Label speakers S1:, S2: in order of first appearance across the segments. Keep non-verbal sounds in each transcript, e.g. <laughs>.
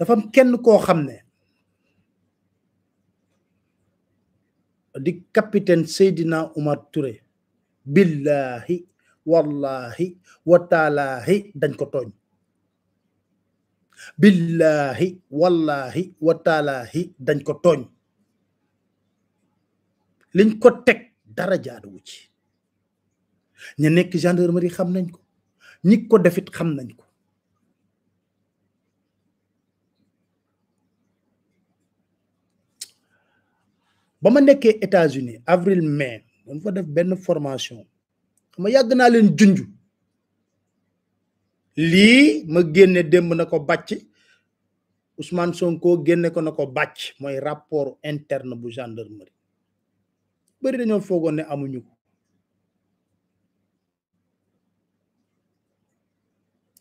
S1: dafa kenn koo xam ne di capitaine Seydina Oumar Touré billahi wallahi wataalaahi dañ ko tooñ billahi wallahi wataalaahi dañ ko toñ liñ ko teg dara jaaduwu ci ña nekk gendarmerie xam nañ ko ñi ko defit xam nañ ko ba ma nekkee États-Unis avril mai doon fa def benn formation xam nga yàgg naa leen junj lii ma génne démb na ko bàcc Ousmane Sonko génne ko na ko bàcc mooy rapport interne bu gendarmerie bëri ñoo foogoon ne amuñu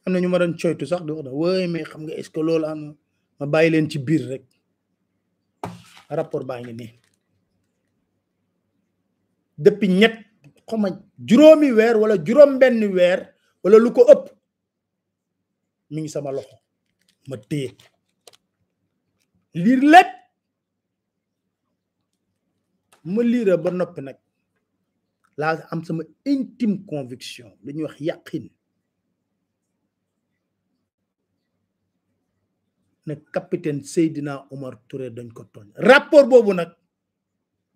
S1: am na ñu ma doon coytu sax di wax ne wooy mais xam nga est-ce que loolu am ma bàyyi leen ci biir rek rapport baa ngi nii depuis ñett xoma juróomi weer wala juróom benn weer wala lu ko ëpp mi ngi sama loxo ma téye liir lépp ma liira ba noppi nag la am sama intime conviction lu ñuy wax yàqin na capitaine Seydina Omar Touré dañ ko tooñ rapport boobu nag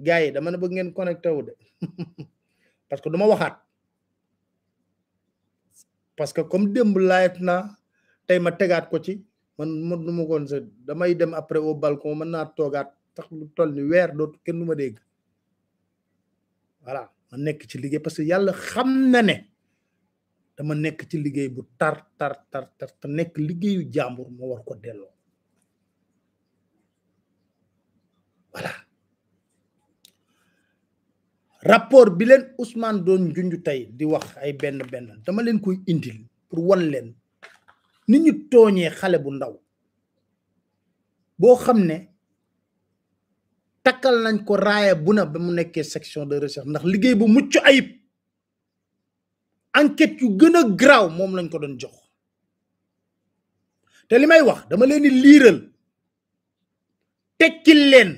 S1: gars yi dama ne bëgg ngeen connecté wu de <laughs> parce que du waxaat parce que comme démb laayet na tey ma tegaat ko ci ma koon sa damay dem après au balcon mën naa toogaat tax lu tol ni weer dootu kenn du ma dégg voilà ma nekk ci liggéey parce que yàlla xam na ne dama nekk ci liggéey bu tar tar tar nekk liggéeyu jàmbur ma war ko delloo voilà rapport bi leen Ousmane doon junj tey di wax ay benn benn dama leen koy indil pour wan leen ni ñu tooñee xale bu ndaw boo xam ne takkal nañ ko raaya bu na ba mu nekkee section de recherche ndax liggéey bu mucc ayib enquête yu gën a garaaw moom lañ ko doon jox te li may wax dama leen di liiral tekkil leen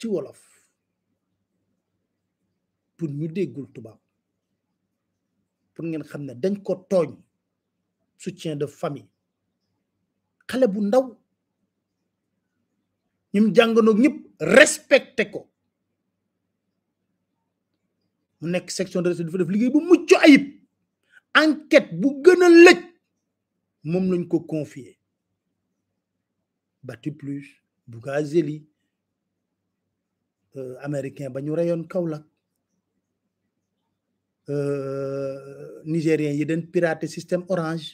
S1: ci wolof pour ñu déggul tubaab pour ngeen xam ne dañ ko tooñ soutien de famille xale bu ndaw ñum jànganoog ñëpp respecté ko mu nekk section de recherche dafa def liggéey bu mucc ayib enquête bu gën a lëj moom lañ ko confier Bati Plus Bougazelli euh, américain ba ñu reyoon Kaolack Euh, nigériens yi dañ pirater système orange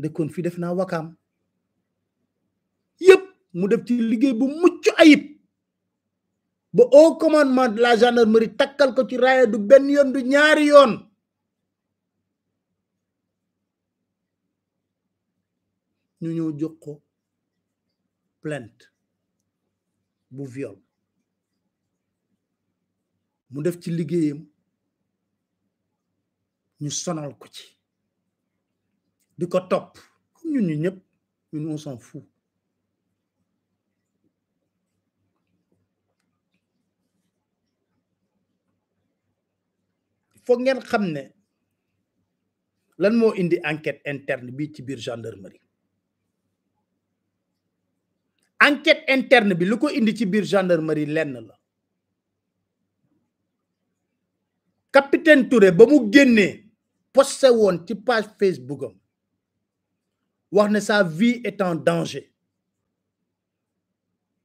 S1: dëkkoon fii def naa wakam yépp mu def ci liggéey bu mucc ayib ba au commandement de la gendarmerie takkal ko ci raaya du benn yoon du ñaari yoon ñu ñëw jox ko plainte bu viol mu def ci liggéeyam ñu sonal ko ci di ko topp comme ñun ñu ñëpp ñun on s'en fout foog ngeen xam ne lan moo indi enquête interne bi ci biir gendarmerie enquête interne bi lu ko indi ci biir gendarmerie lenn la capitaine Touré ba mu génnee posté won ci page Facebook am wax sa vie est en danger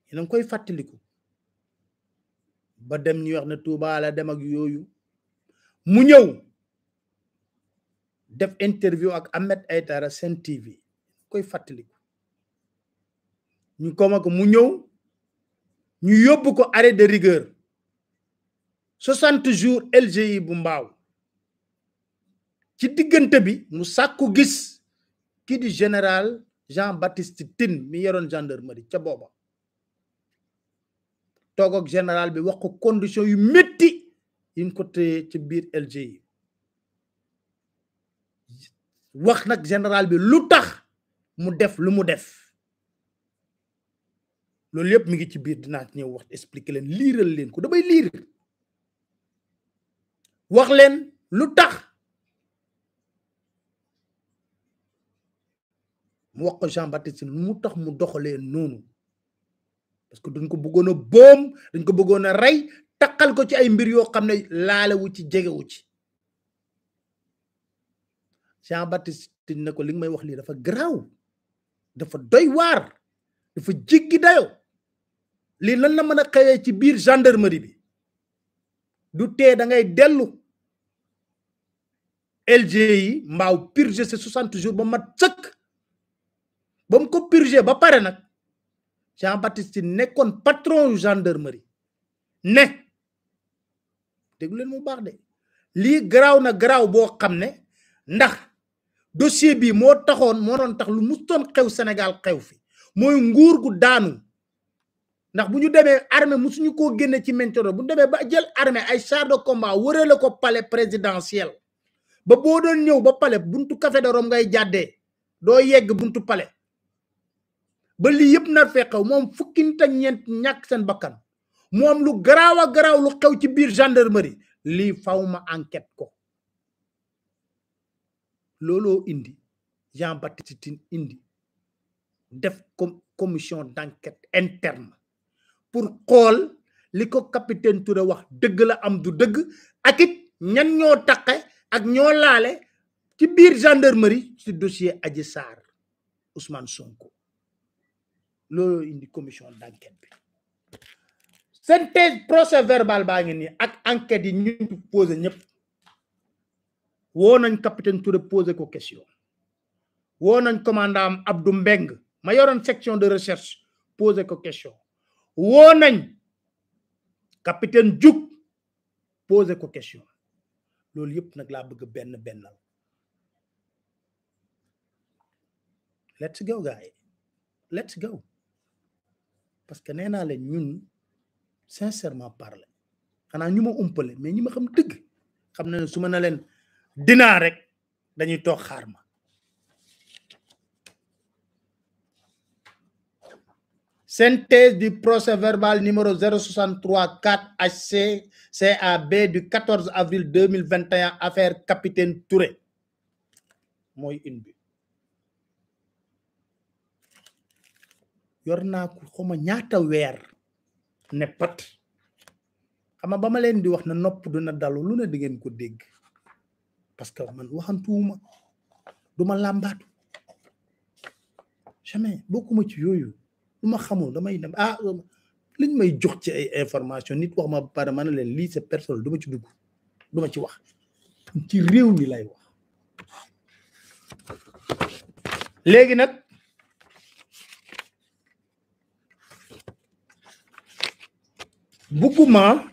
S1: yéen donc koy fàttaliku ba dem ñu wax ne Touba la dem ak yooyu mu ñëw def interview ak Ahmed Aitara, Sen TV koy fàttaliku ñu ko mu ñëw ñu yóbbu ko arrêt de rigueur soixante jours LGI bu mbaaw ci diggante bi mu sàkku gis kii di général Jean Baptiste Tine mi yoroon gendarmerie ca booba toog ak général bi wax ko condition yu metti yi ñu ko téye ci biir LGI wax nag général bi lu tax mu def lu mu def loolu yëpp mi ngi ci biir dinaa ñëw wax expliquer leen liiral leen ko damay liir wax leen lu tax mu wax ko Jean Baptiste mu tax mu doxalee noonu parce que duñ ko bëggoon a boom dañ ko bëggoon a rey taqal ko ci ay mbir yoo xam ne laalewu ci jegewu ci Jean Baptiste ne ko li nga may wax lii dafa garaaw dafa doy waar dafa jéggi dayo lii lan la mën a xewee ci biir gendarmerie bi du tee da ngay dellu LGI m'a purgé ses 60 jours bon mat sëkk bon ko purgé ba Jean Baptiste kon patron gendarmerie ne de leen mu baax na grau bo dossier bi mo taxone mo don tax lu xew Sénégal xew fi moy nguur daanu ndax buñu démé armée musuñu ko ci mentoro buñu démé ba jël de combat palais présidentiel ba boo doon ñëw ba pale buntu café de rom ngay jàddee doo yegg buntu pale ba li yëpp nar fee xew moom fukki ak ñeent ñàkk seen bakkan moom lu garaaw a garaaw lu xew ci biir gendarmerie lii faw ma enquête ko looloo indi Jean Baptiste indi def commission d'enquête interne pour xool li ko capitaine Touré wax dëgg la am du dëgg ak ñan ñoo taqe ak ñoo laale ci biir gendarmerie ci dossier Adji Ousmane Sonko loolu indi commission d'enquête bi procès verbal baa ngi ak enquête yi ñu posé capitaine Touré posé ko question woo commandant Abdou Mbeng ma section de recherche posé ko question woo nañ capitaine Diouk posé ko question loolu yëpp nag laa bëgg benn bennal let's go gaay let's go parce que nee naa leen ñun sincèrement parler xanaa ñu ma umpale mais ñi ma xam dëgg xam na ne su ma leen dinaa rek dañuy toog xarma Synthèse du procès verbal numéro 063-4-HC-CAB du 14 avril 2021, affaire Capitaine Touré. Moi, une ko ne pat xama ma di wax na nopp dalu parce que man waxantuma duma pas. jamais ne lu ma xamul damay dem ah euh, liñ may jox ci ay information nit wax ma pare ma ne leen lii c'est personnel du ci dugg du ma ci wax ci réew mi lay wax léegi nag bugguma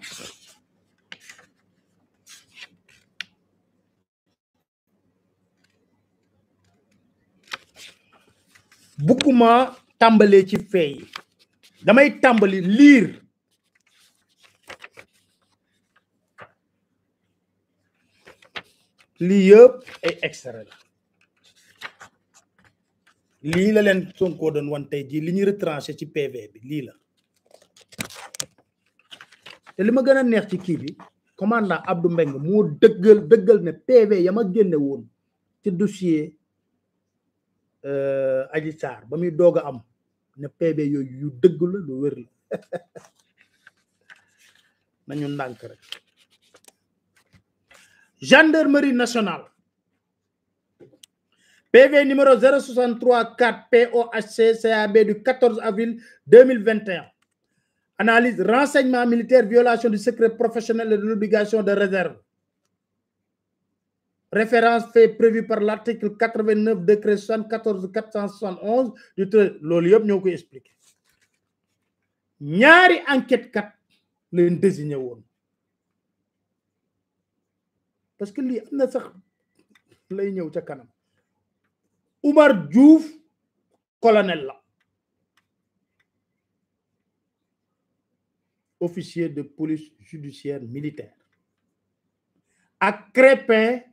S1: bugguma tàmbalee ci fee yi damay tàmbali lire lii yëpp ay extrait la lii la leen Sonko doon wan tey jii li ñu retranché ci PV bi lii la te li ma gën a neex ci kii bi commandant Abdou Mbengue moo dëggal dëggal ne PV ya ma génne woon ci dossier euh, Adji Sarr ba muy doog a am ne PV la lu <laughs> gendarmerie nationale PV numéro 0634 POHC du 14 avril 2021 analyse renseignement militaire violation du secret professionnel et de l'obligation de réserve référence fait prévue par l'article 89 décret 74 471 du traité loolu yëpp expliqué ñaari enquête kat leen désigné won parce que li am des sax lay kanam Oumar Diouf colonel la officier de police judiciaire militaire ak Crépin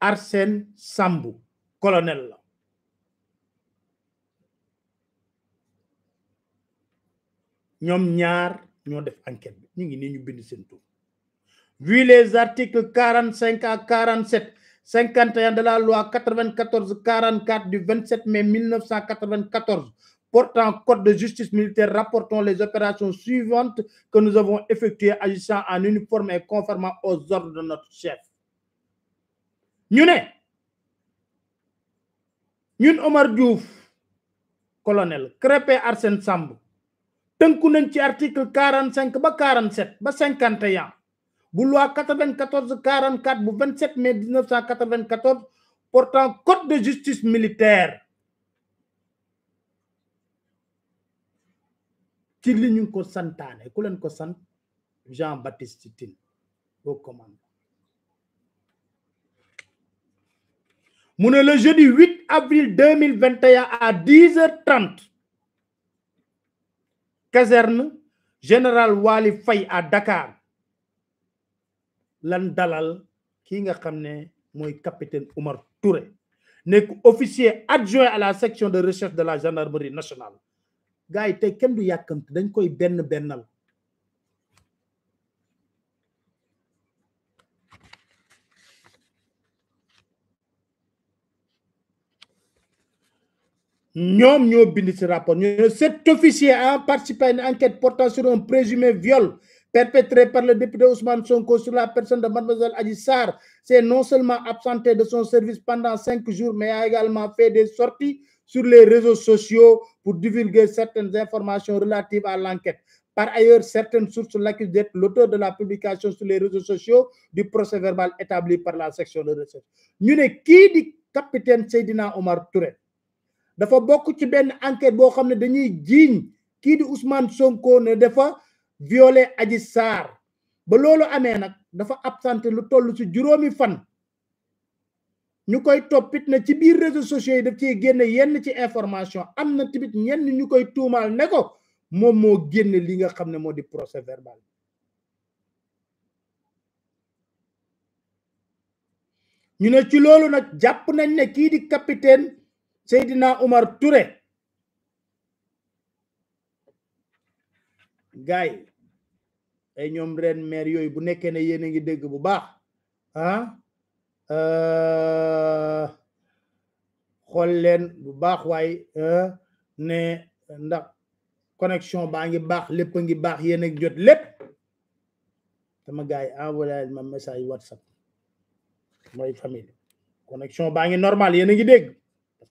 S1: Arsène Sambou colonel enquête vu les articles 45 à 47, 51 de la loi 94-44 du 27 mai 1994, portant portant code de justice militaire rapportons les opérations suivantes que nous avons effectuées agissant en uniforme et conformément aux ordres de notre chef ñu ne ñun Omar Diouf colonel Krépin Arsène Samb tënku nañ ci article quarante cinq ba quarante ba cinquante et un bu loi quatre vingt bu vingt sept mai dix neuf cent quatre vingt quatorze portant code de justice militaire ci li ko santaane ku leen ko sant Jean Baptiste Tine le jeudi 8 avril 2021 à 10h30 caserne général Wali Fay à Dakar l'andalal, qui ki nga xamné capitaine Oumar Touré officier adjoint à la section de recherche de la gendarmerie nationale Il a du yakant dañ koy nous ci rapport cet officier a participé à une enquête portant sur un présumé viol perpétré par le député Ousmane Sonko sur la personne de mademoiselle Adji C'est s'est non seulement absenté de son service pendant cinq jours mais a également fait des sorties sur les réseaux sociaux pour divulguer certaines informations relatives à l'enquête par ailleurs, certaines sources l'accusent d'être l'auteur de la publication sur les réseaux sociaux du procès verbal établi par la section de recherche. Nous ne qui dit capitaine Seydina Omar Touré dafa bokk ci ben enquête qui xam dañuy Ousmane Sonko ne dafa violé Adji ba lolu amé nak dafa absenté lu tollu ci fan ñukoy topit na ci réseaux sociaux daf génné yenn ci information amna tibit ñenn ñukoy koy Momo ne ko procès verbal ne capitaine Seydina Omar Touré gaay ay ñoom ren maire yooyu bu nekkee ne yéen a ngi dégg bu baax ah euh, xool leen bu baax waaye euh, ne ndax connexion baa ngi baax lépp a ngi baax yéen a ngi jot lépp sama gaay yi envoyé ma message whatsapp mooy famille connexion baa ngi normal yéen a ngi dégg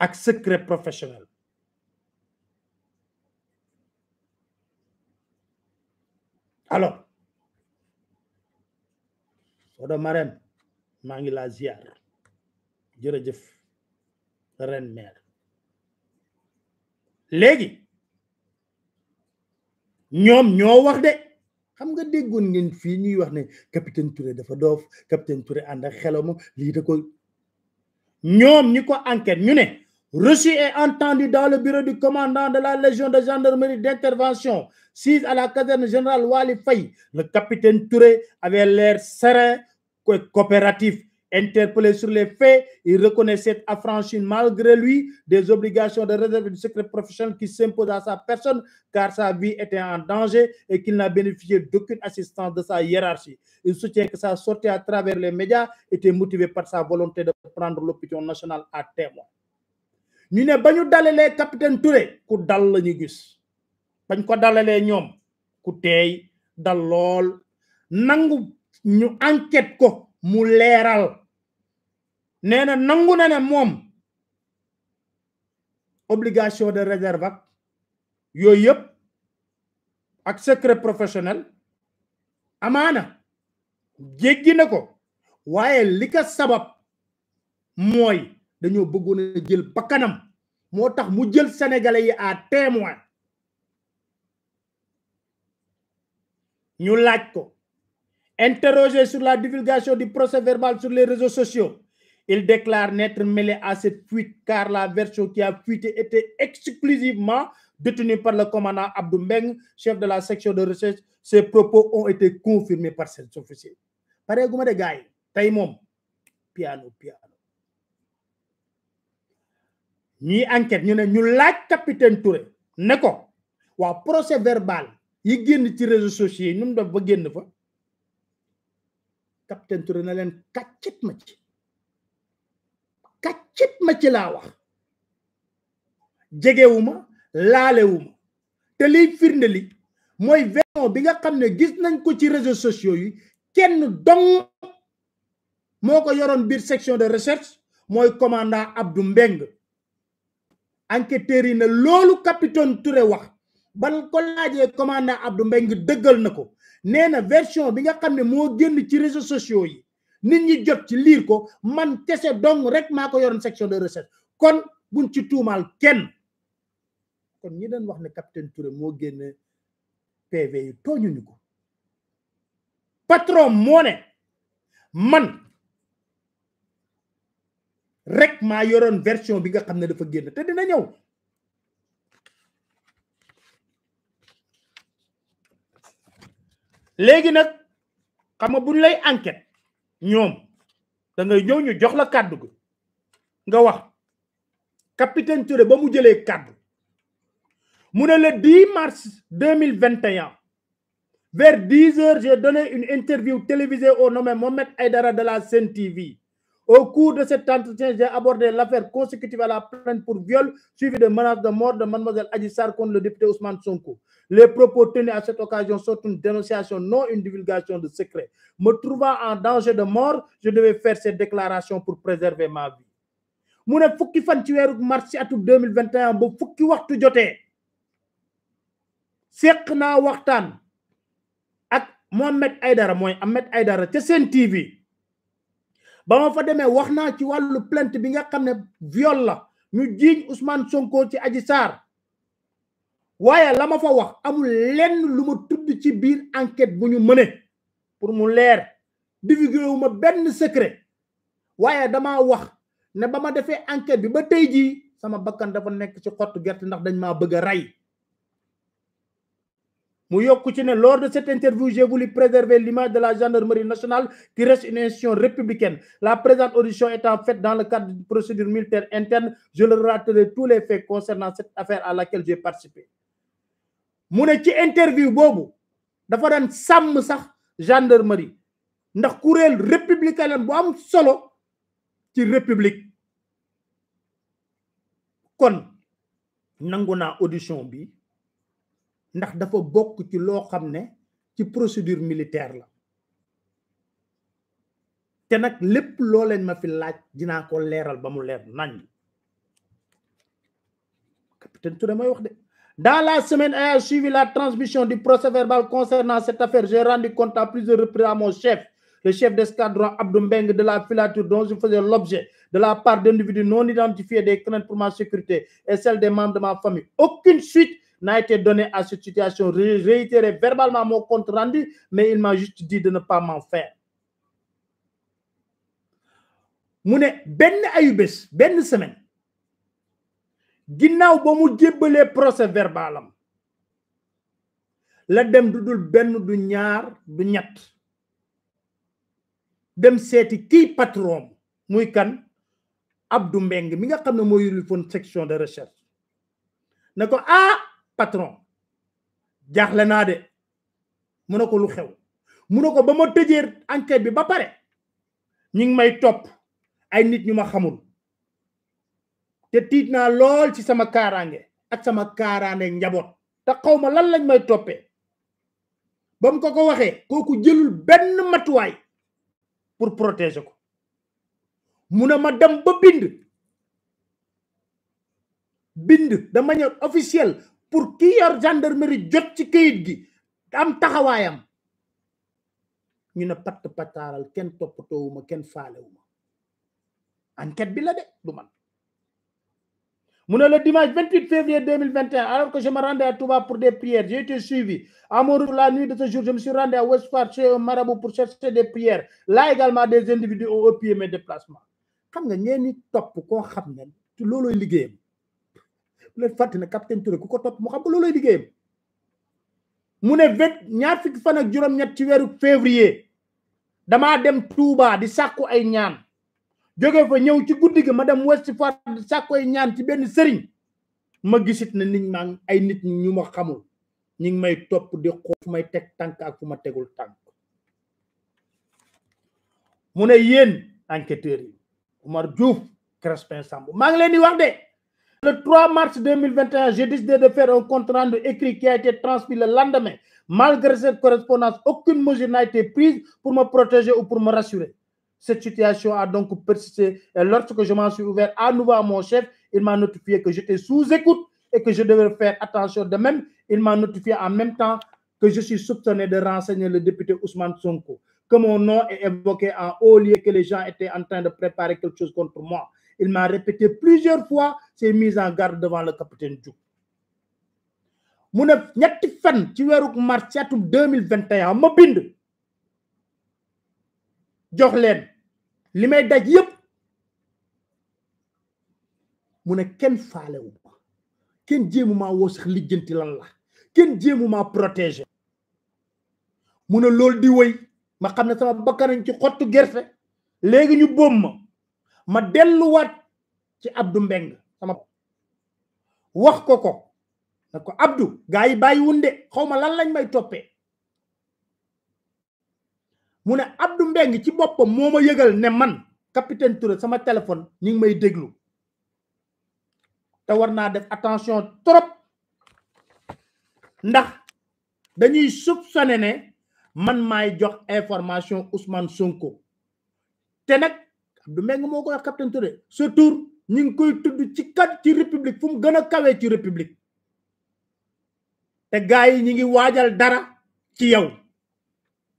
S1: ak secret professionnel alors Soda Marème maa ngi laa ziar jërëjëf ren meer léegi ñoom ñoo wax de xam nga déggoon ngeen fii ñuy wax ne capitaine Touré dafa doof capitaine Touré ànd ak xelam lii da koy ñoom ñi ko enquête ñu ne reçu et entendu dans le bureau du commandant de la Légion de gendarmerie d'intervention, sise à la caserne générale Wali Faye, le capitaine Touré avait l'air serein coopératif. Interpellé sur les faits, il reconnaissait affranchi malgré lui des obligations de réserve du secret professionnel qui s'imposent à sa personne car sa vie était en danger et qu'il n'a bénéficié d'aucune assistance de sa hiérarchie. Il soutient que sa sortie à travers les médias était motivée par sa volonté de prendre l'opinion nationale à témoin. ñu ne ba ñu dalalee capitaine Touré ku dal la gis bañ ko dalalee ñoom ku teey dal lool nangu ñu enquête ko mu leeral nee nangu na moom obligation de réserve ak yooyu yëpp ak secret professionnel amaana jéggi na ko waaye li ko sabab mooy dañoo bëggoon a jël Pakanam, moo tax mu jël sénégalais yi à témoin ñu laaj interrogé sur la divulgation du procès verbal sur les réseaux sociaux il déclare n'être mêlé à cette fuite car la version qui a fuité était exclusivement détenue par le commandant Abdou Mbeng chef de la section de recherche ses propos ont été confirmés par cet officier Pareil, vous piano piano ñuy enquête ñu ne ñu laaj capitaine Touré ne ko waaw procès verbal yi génn ci réseau sociaux yi nu mu def ba génn fa capitaine Touré na leen kàccit ma ci kàccit ma ci laa wax jegewuma laalewuma te liy firnde li mooy version bi nga xam ne gis nañ ko ci réseau sociaux yi kenn dong moo ko yoroon biir section de recherche mooy commandant Abdou Mbeng enquêteurs yi ne loolu capitaine Touré wax ban ko laajee commandant Abdou Mbengue dëggal na ko nee na version bi nga xam ne moo génn ci réseaux sociaux yi nit ñi jot ci liir ko man kese dong rek maa ko yoroon section de recherche kon buñ ci tuumaal kenn kon ñi doon wax ne capitaine Touré moo génn PV yi tooñuñu ko patron moo ne man rek Mayoron yoron version bi nga xamne dafa génn te dina ñew léegi nak xam nga buñ lay enquête ñom da ngay ñëw ñu jox la cadre. gi nga wax capitaine Touré ba mu jëlee cadre. mu le 10 mars 2021 vers 10 heures j'ai donné une interview télévisée au nom de Mohamed Aïdara de la CNTV. TV au cours de cet entretien, j'ai abordé l'affaire consécutive à la plainte pour viol suivie de menaces de mort de Mlle Adissar contre le député Ousmane Sonko. Les propos tenus à cette occasion sont une dénonciation, non une divulgation de secrets. Me trouvant en danger de mort, je devais faire cette déclaration pour préserver ma vie. Mon ne fan ci weeru à tout 2021 ba fukki waxtu joté. Sekna waxtan ak Mohamed Aydara moy Ahmed tu ca Sen TV ba ma fa demee wax naa ci wàllu plainte bi nga xam ne viol la ñu jiiñ Ousmane Sonko ci Adji Sarr waaye la ma fa wax amul lenn lu ma tudd ci biir enquête bu ñu mëne pour mu leer divulgué wu ma benn secret waaye dama wax ne ba ma defee enquête bi ba tey jii sama bakkan dafa nekk ci xottu gerte ndax dañ maa bëgg a rey lors de cette interview j'ai voulu préserver l'image de la gendarmerie nationale qui reste une institution républicaine la présente audition étant faite dans le cadre d'une procédure militaire interne je leur raterai tous les faits concernant cette affaire à laquelle j'ai participé mu ne ci interview Bobo. dafa un sam sax gendarmerie ndax kuréel républicaine bu am solo ci république kon nangu audition bi procédure militaire la dans la semaine a suivi la transmission du procès verbal concernant cette affaire j'ai rendu compte à plusieurs reprises à mon chef le chef d'escadron Abdou de la filature dont je faisais l'objet de la part d'individus non identifiés des craintes pour ma sécurité et celle des membres de ma famille aucune suite n'a été donné à cette situation. réitéré verbalement mon compte rendu, mais il m'a juste dit de ne pas m'en faire. Ben semaine procès verbalam la du du Abdou Mbeng mi nga section de recherche Nako ah patron jaxle na de mu ko lu xew mu ne ko ba ma enquête bi ba paré ñi ngi may top ay nit ñuma xamul te ci sama karange, ak sama karane njabot ta xawma lan lañ may topé bam ko ko waxé koku jëlul ben matuway pour protéger ko muna ma dem ba bind bind de manière officielle pour ki yor gendarmerie jot ci kayit gi am taxawaayam ñu ne patt pataaral kenn toppatoowuma kenn faalewuma enquête bi la de du man mu ne le dimanche 28 février alors que je me rendais Touba pour des prières j'ai suivi à la nuit de ce jour je me suis rendu à Ouest-Foire chez un marabout pour chercher des prières là également des individus ont opprimé mes déplacements xam nga ñeen ñi topp koo xam ne loolooy liggéeyam bu len fàtte captain Touré ku top topp mu xam ko loolay liggéeyam mu ne vet ñaar fik fan ak juróom-ñett ci weeru février dama dem Touba di sàkku ay ñaan jóge fa ñëw ci guddi gi ma dem west Foire di sàkku ay ñaan ci benn sëriñ ma gisit ne nit maa ay nit ñu ma xamul ñi ngi may topp di xool may teg tànk ak fu ma tegul mu ne yéen enquêteur Omar Diouf Crespin Sambou maa ngi leen wax de Le 3 mars 2021, j'ai décidé de faire un compte rendu écrit qui a été transmis le lendemain. Malgré cette correspondance, aucune mesure n'a été prise pour me protéger ou pour me rassurer. Cette situation a donc persisté et lorsque je m'en suis ouvert à nouveau à mon chef, il m'a notifié que j'étais sous écoute et que je devais faire attention. De même, il m'a notifié en même temps que je suis soupçonné de renseigner le député Ousmane Sonko, que mon nom est évoqué en haut lieu que les gens étaient en train de préparer quelque chose contre moi. Il m'a répété plusieurs fois ses mises en garde devant le capitaine Diouf mu ne ñetti fan ci weeru mars ci atum de un ma bind jox leen limay daj yépp mu ne kenn ma kenn woo sax lan la kenn protéger mu ne di ma xam sama bakkanañ ci xottu léegi ñu ma delluwaat ci Abdou Mbeng sama wax ko ko ne ko Abdou gaay yi bàyyiwun de xaw lan lañ may toppee mu ne Abdou Mbeng ci boppam moo ma yëgal ne man capitaine Touré sama téléphone ñu ngi may déglu te war naa def attention trop ndax dañuy soupçonné ne man may jox information Ousmane Sonko te nag du meng moo ko wax capitaine Touré ce tour ñu ngi koy tudd ci kat ci république fu mu gën a kawee ci république te gars yi ñi ngi waajal dara ci yow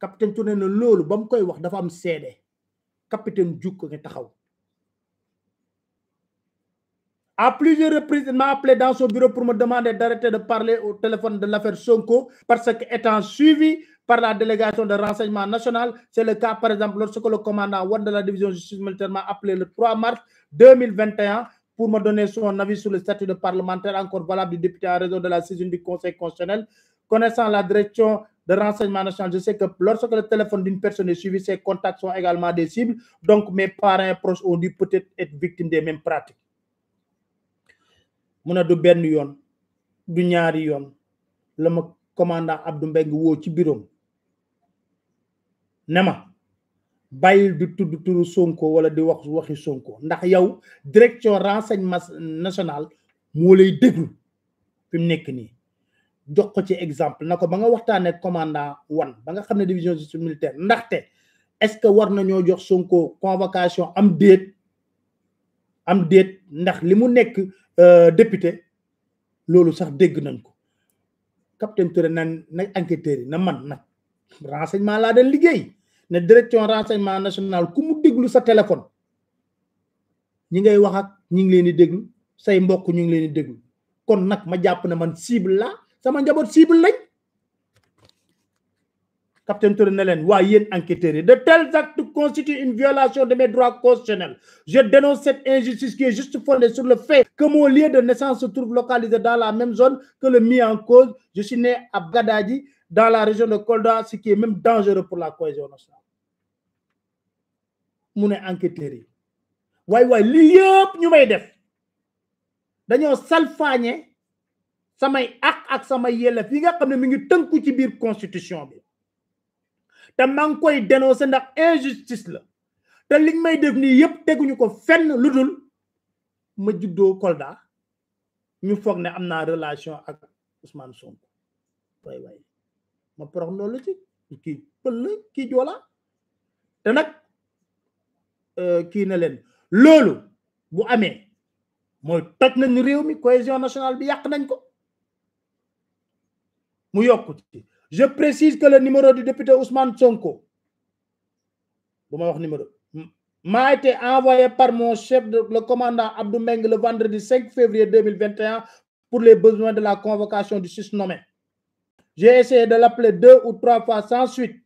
S1: capitaine Touré ne loolu ba mu koy wax dafa am seede capitaine Diouf nga taxaw À plusieurs reprises, il m'a appelé dans son bureau pour me demander d'arrêter de parler au téléphone de l'affaire Sonko parce qu'étant suivi par la délégation de renseignement national, c'est le cas par exemple lorsque le commandant Ward de la division justice militaire m'a appelé le 3 mars 2021 pour me donner son avis sur le statut de parlementaire encore valable du député en raison de la saison du Conseil constitutionnel. Connaissant la direction de renseignement national, je sais que lorsque le téléphone d'une personne est suivi, ses contacts sont également des cibles. Donc mes parents proches ont dû peut-être être victimes des mêmes pratiques. muna du benn yoon du ñaari yoon la ma commandant Abdou Mbengue woo ci biroom ne ma bàyyil du tudd turu Sonko wala di wax waxi Sonko ndax yow direction renseignement national moo lay déglu fi mu nekk nii jox ko ci exemple na ko ba nga waxtaanee commandant wan ba nga xam ne division justice militaire ndaxte est-ce que war nañoo jox Sonko convocation am déet am déet ndax li mu nekk euh, député loolu sax dégg nañ ko capitaine Touré nan na enquêteurs yi na man nag renseignement laa de liggéey ne direction renseignement national ku mu déglu sa téléphone ñi ngay wax ak ñi ngi leen di déglu say mbokk ñu ngi leen di déglu kon nag ma jàpp ne man cible laa sama njaboot cible lañ capitaine Tournelen, de tels actes constituent une violation de mes droits constitutionnels je dénonce cette injustice qui est juste fondée sur le fait que mon lieu de naissance se trouve localisé dans la même zone que le mis en cause je suis né à Bagadadi, dans la région de Kolda ce qui est même dangereux pour la cohésion nationale mu ne enquêté. Oui, oui, waay lii yëpp ñu def dañoo salfaañe samay ak ak samay yelleef yi nga xam ne mi ngi tënku ci biir constitution bi te maa ngi koy dénoncer ndax injustice la te liñ may def nii yëpp teguñu ko fenn lu dul ma juddoo Kolda ñu foog ne am naa relation ak Ousmane Sonko waay waay ma porox loolu ci kii pël kii joola te nag euh, kii na leen loolu bu amee mooy toj nañ réew mi cohésion nationale bi yàq nañ ko mu yokku Je précise que le numéro du député Ousmane Sonko, m'a été envoyé par mon chef, le commandant Abdou Meng, le vendredi 5 février 2021 pour les besoins de la convocation du nommé J'ai essayé de l'appeler deux ou trois fois sans suite.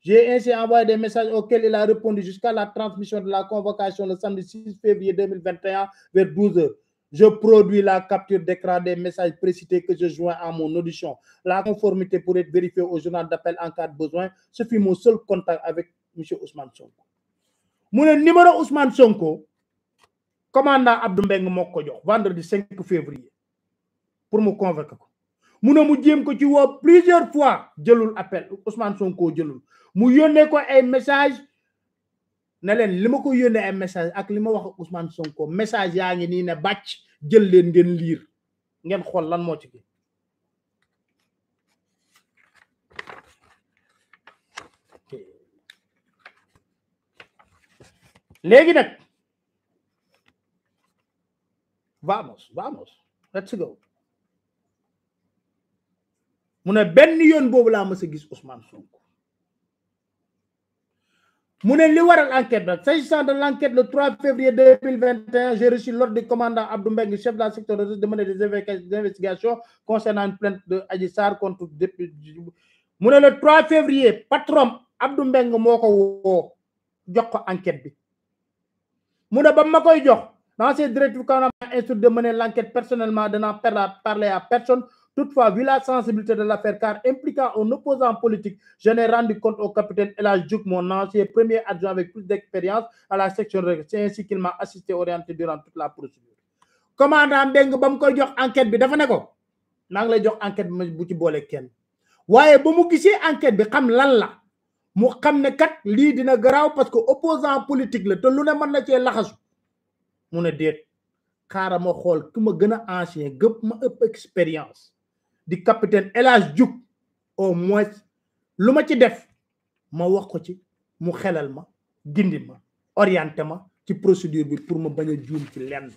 S1: J'ai ainsi envoyé des messages auxquels il a répondu jusqu'à la transmission de la convocation le samedi 6 février 2021 vers 12 heures. Je produis la capture d'écran des messages précités que je joins à mon audition. La conformité pour être vérifiée au journal d'appel en cas de besoin. Ce fut mon seul contact avec M. Ousmane Sonko. Mon numéro Ousmane Sonko, commandant Abdoumbeng Mokoyo, vendredi 5 février, pour me convaincre. Mon ne mu plusieurs fois je l'appelle. Ousmane Sonko Je mu yónnee ko message neleen leen li ma ko yónnee ay message ak li ma wax Ousmane Sonko message yaa ngi nii ne bàcc jël leen ngeen liir ngeen xool lan moo ci gën léegi nag vamos vamos let's go mu ne benn yoon boobu laa mës a gis Ousmane Sonko li s'agissant de l'enquête le 3 février 2021 j'ai reçu l'ordre du commandant Abdou Mbengue chef de la section de demander de mener des investigations concernant une plainte de Adji contre député le 3 février patron Abdou Mbengue moko ko enquête bi mu ne ba makoy dans ces directives quand on m'a instruit de mener l'enquête personnellement de n'en parler à personne Toutefois, vu la sensibilité de l'affaire car impliquant un opposant politique, je n'ai rendu compte au capitaine Elage Diouk, mon ancien premier adjoint avec plus d'expérience à la section de C'est ainsi qu'il m'a assisté orienté durant toute la procédure. Commandant Mbeng ba mu jox enquête bi dafa Vous faire lay jox enquête bi bu ci boole kenn mu gisee enquête bi xam lan la mu xam ne kat lii dina garaaw parce que opposant politique la te lu ne mën na cee laxasu mu ne déet xaaral ma xool ku ma gën a ancien gëpp ma ëpp expérience du capitaine Elas juk au moins luma ma ci def ma wax ko ci mu ma procédure pour ma baña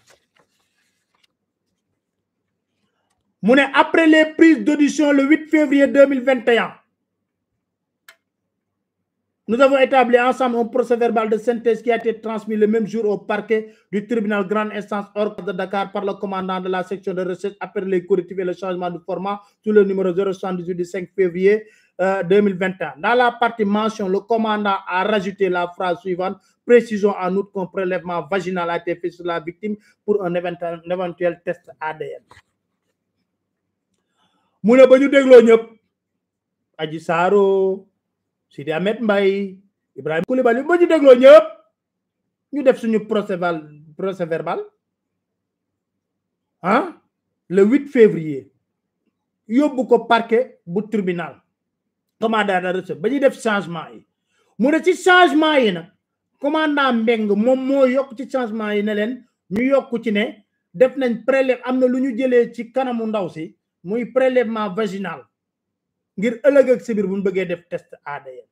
S1: a après les prises d'audition le 8 février 2021 nous avons établi ensemble un procès-verbal de synthèse qui a été transmis le même jour au parquet du tribunal grande instance hors de Dakar par le commandant de la section de recherche après les correctifs et le changement de format sous le numéro 078 du 5 février 2021. Euh, Dans la partie mention, le commandant a rajouté la phrase suivante. Précisons en outre qu'un prélèvement vaginal a été fait sur la victime pour un éventuel, test ADN. Nyop, Sidi Ahmed Mbaye Ibrahima Koulibaly ba ñu dégloo ñëpp ñu def suñu procès verbal procès verbal ah le 8 février yóbbu ko parquet bu tribunal commandant de recherche ba ñuy def changement yi mu ne ci changement yi nag commandant Mbeng moom moo yokk ci changement yi ne leen ñu yokk ci ne def nañ prélève am na lu ñu jëlee ci kanamu ndaw si muy prélèvement vaginal ngir ëllëg ak bu def test ADN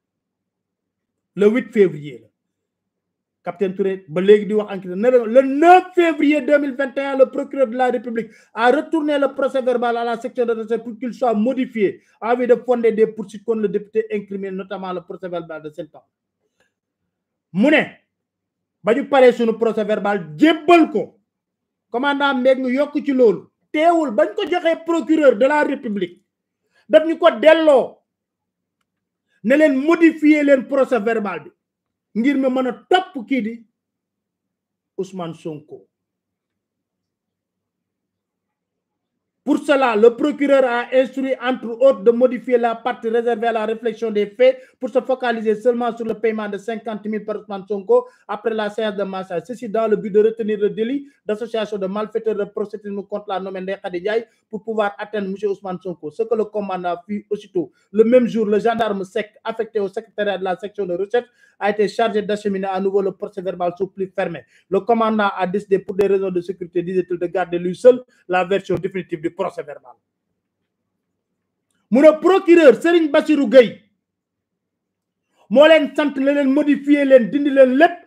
S1: le 8 février la capitaine Touré ba léegi di wax enquête le 9 février 2021 le procureur de la République a retourné le procès verbal à la section de recherche pour qu'il soit modifié en vue de fonder des poursuites contre le député incriminé notamment le procès verbal de Sentao mu ne ba ñu sur suñu procès verbal jébbal ko commandant ñu yok ci lool téwul bañ ko joxé procureur de la République daf ñu ko delloo ne modifier leen procès verbal bi ngir ma mën a topp di Ousmane Sonko Pour cela, le procureur a instruit, entre autres, de modifier la partie réservée à la réflexion des faits pour se focaliser seulement sur le paiement de 50 000 par Ousmane Sonko après la séance de massage. Ceci dans le but de retenir le délit d'association de malfaiteurs de procédure contre la nommée Ndiaye pour pouvoir atteindre M. Ousmane Sonko. Ce que le commandant fit aussitôt. Le même jour, le gendarme sec affecté au secrétariat de la section de recherche a été chargé d'acheminer à nouveau le procès verbal sous pli fermé. Le commandant a décidé, pour des raisons de sécurité, disait de garder lui seul la version définitive du procès verbal. Mon procureur, Serigne Bassirou Gueye, moo leen la modifier leen dindi leen lépp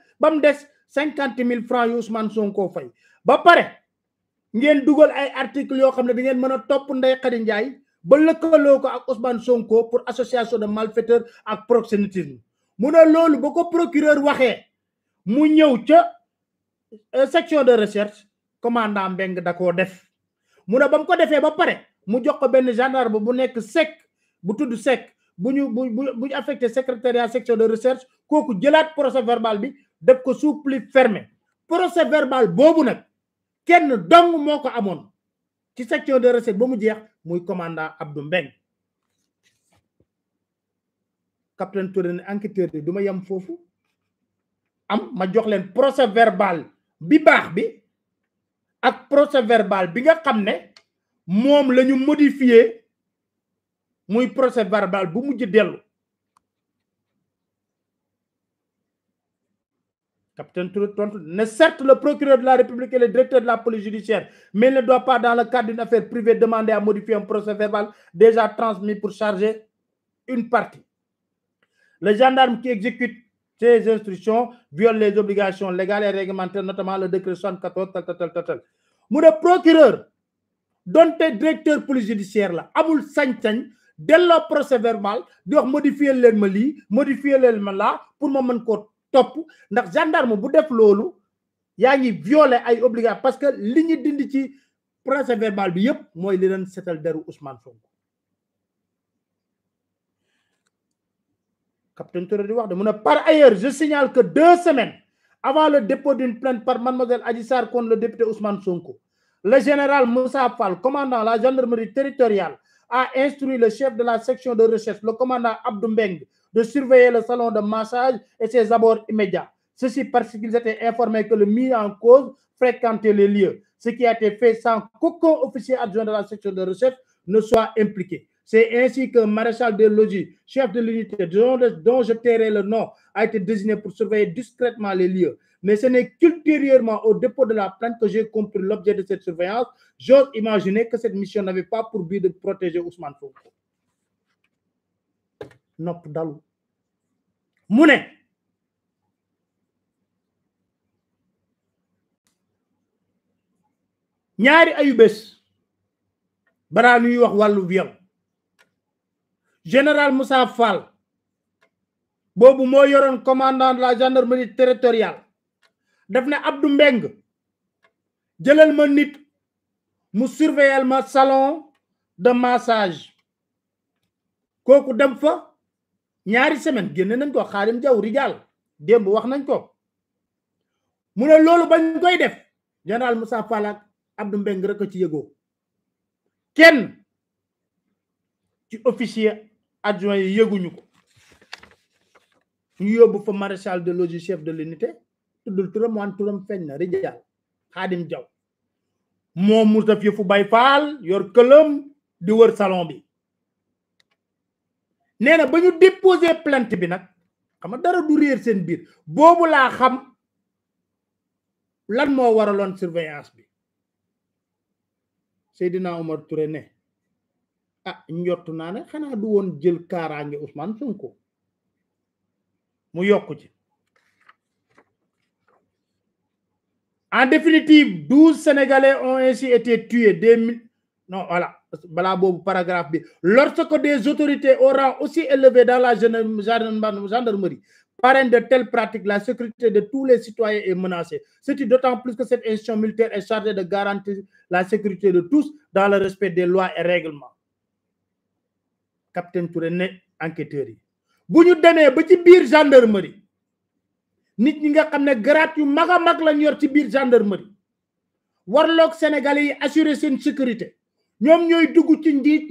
S1: francs Ousmane Sonko fay ba ngeen dugal ay article yo xamne di ngeen meuna top ndey Ndeye Khady ba lekkaloko ko ak Ousmane Sonko pour association de malfaiteurs ak proxénétisme muna lolou loolu ko procureur waxee mu ñew ci euh, section de recherche commandant Mbeng da koo def muna bam ko defé ba pare mu jox ko ben gendarme bu nek sec bu tuddu sec bu ñu bu bu affecté secrétariat section de recherche koku jëlat procès verbal bi def ko sous pli fermé procès verbal bobu nak kenn dong moko amone ci section de recette bamu jeex muy commandant Abdou Mbeng capitaine Touré ne enquêteur de duma yam fofu am ma jox len procès verbal bi bax bi ak procès verbal bi nga xam mom lañu modifier muy procès verbal bu mujj delu Capitaine ne certes le procureur de la République et le directeur de la police judiciaire, mais ne doit pas, dans le cadre d'une affaire privée, demander à modifier un procès verbal déjà transmis pour charger une partie. Le gendarme qui exécute ces instructions viole les obligations légales et réglementaires, notamment le décret 74, tal, tel tel tel est procureur, procureur est directeur police judiciaire là amul dans le procès verbal doit modifier lélément modifier là pour moi. moment top ndax gendarme bu def lolu a ngi violer ay obligations parce que li ñu dindi ci procès verbal bi yëpp mooy li leen setal deru Ousmane Sonko. capitaine Touré di de par ailleurs je signale que deux semaines avant le dépôt d'une plainte par mademoiselle Adjissar contre le député Ousmane Sonko le général Moussa Fall commandant la gendarmerie territoriale a instruit le chef de la section de recherche le commandant Abdou Mbeng de surveiller le salon de massage et ses abords immédiats. Ceci parce qu'ils étaient informés que le mis en cause fréquentait les lieux, ce qui a été fait sans qu'aucun officier adjoint de la section de recherche ne soit impliqué. C'est ainsi que maréchal de logis, chef de l'unité, dont, dont, je tairai le nom, a été désigné pour surveiller discrètement les lieux. Mais ce n'est qu'ultérieurement au dépôt de la plainte que j'ai compris l'objet de cette surveillance. J'ose imaginer que cette mission n'avait pas pour but de protéger Ousmane Foucault. nopp dalu mu ne ñaari ayubés bés balaa wax wàllu viol général Moussa Fall boobu moo yoroon commandant de la gendarmerie territoriale daf ne Abdou Mbeng jëlal ma nit mu surveiller salon de massage kooku dem fa ñaari semaine génn nañ ko xaalim jaw rijaal démb wax nañ ko mu ne loolu bañ koy def général Moussa Fall ak Abdou Mbeng rek ci yëgoo kenn ci officier adjoint yi yëguñu ko ñu yóbbu fa maréchal de logis chef de l'unité tuddul turam waan turam feeñ na rijaal xaadim jaw moom mu def yëfu bay faal yor këlam di wër salon bi nee na ba ñu déposé plainte bi nag xam dara du réer seen biir boobu laa xam lan moo waraloon surveillance bi Seydina Omar Touré ne a ah, njottu naa ne xanaa du woon jël kaaraange Ousmane Sonko mu yokku ci en définitive douze Sénégalais ont ainsi été tués des mille non voilà paragraphe lorsque des autorités au aussi élevé dans la gendarmerie parrain de telles pratiques la sécurité de tous les citoyens est menacée c'est d'autant plus que cette institution militaire est chargée de garantir la sécurité de tous dans le respect des lois et règlements capitaine Touré enquêteur. enquêté. yi bu ñu demee ba ci gendarmerie nit ñi nga grade yu mag gendarmerie Sénégalais yi assurer sécurité ñoom ñoy dugg ci ndit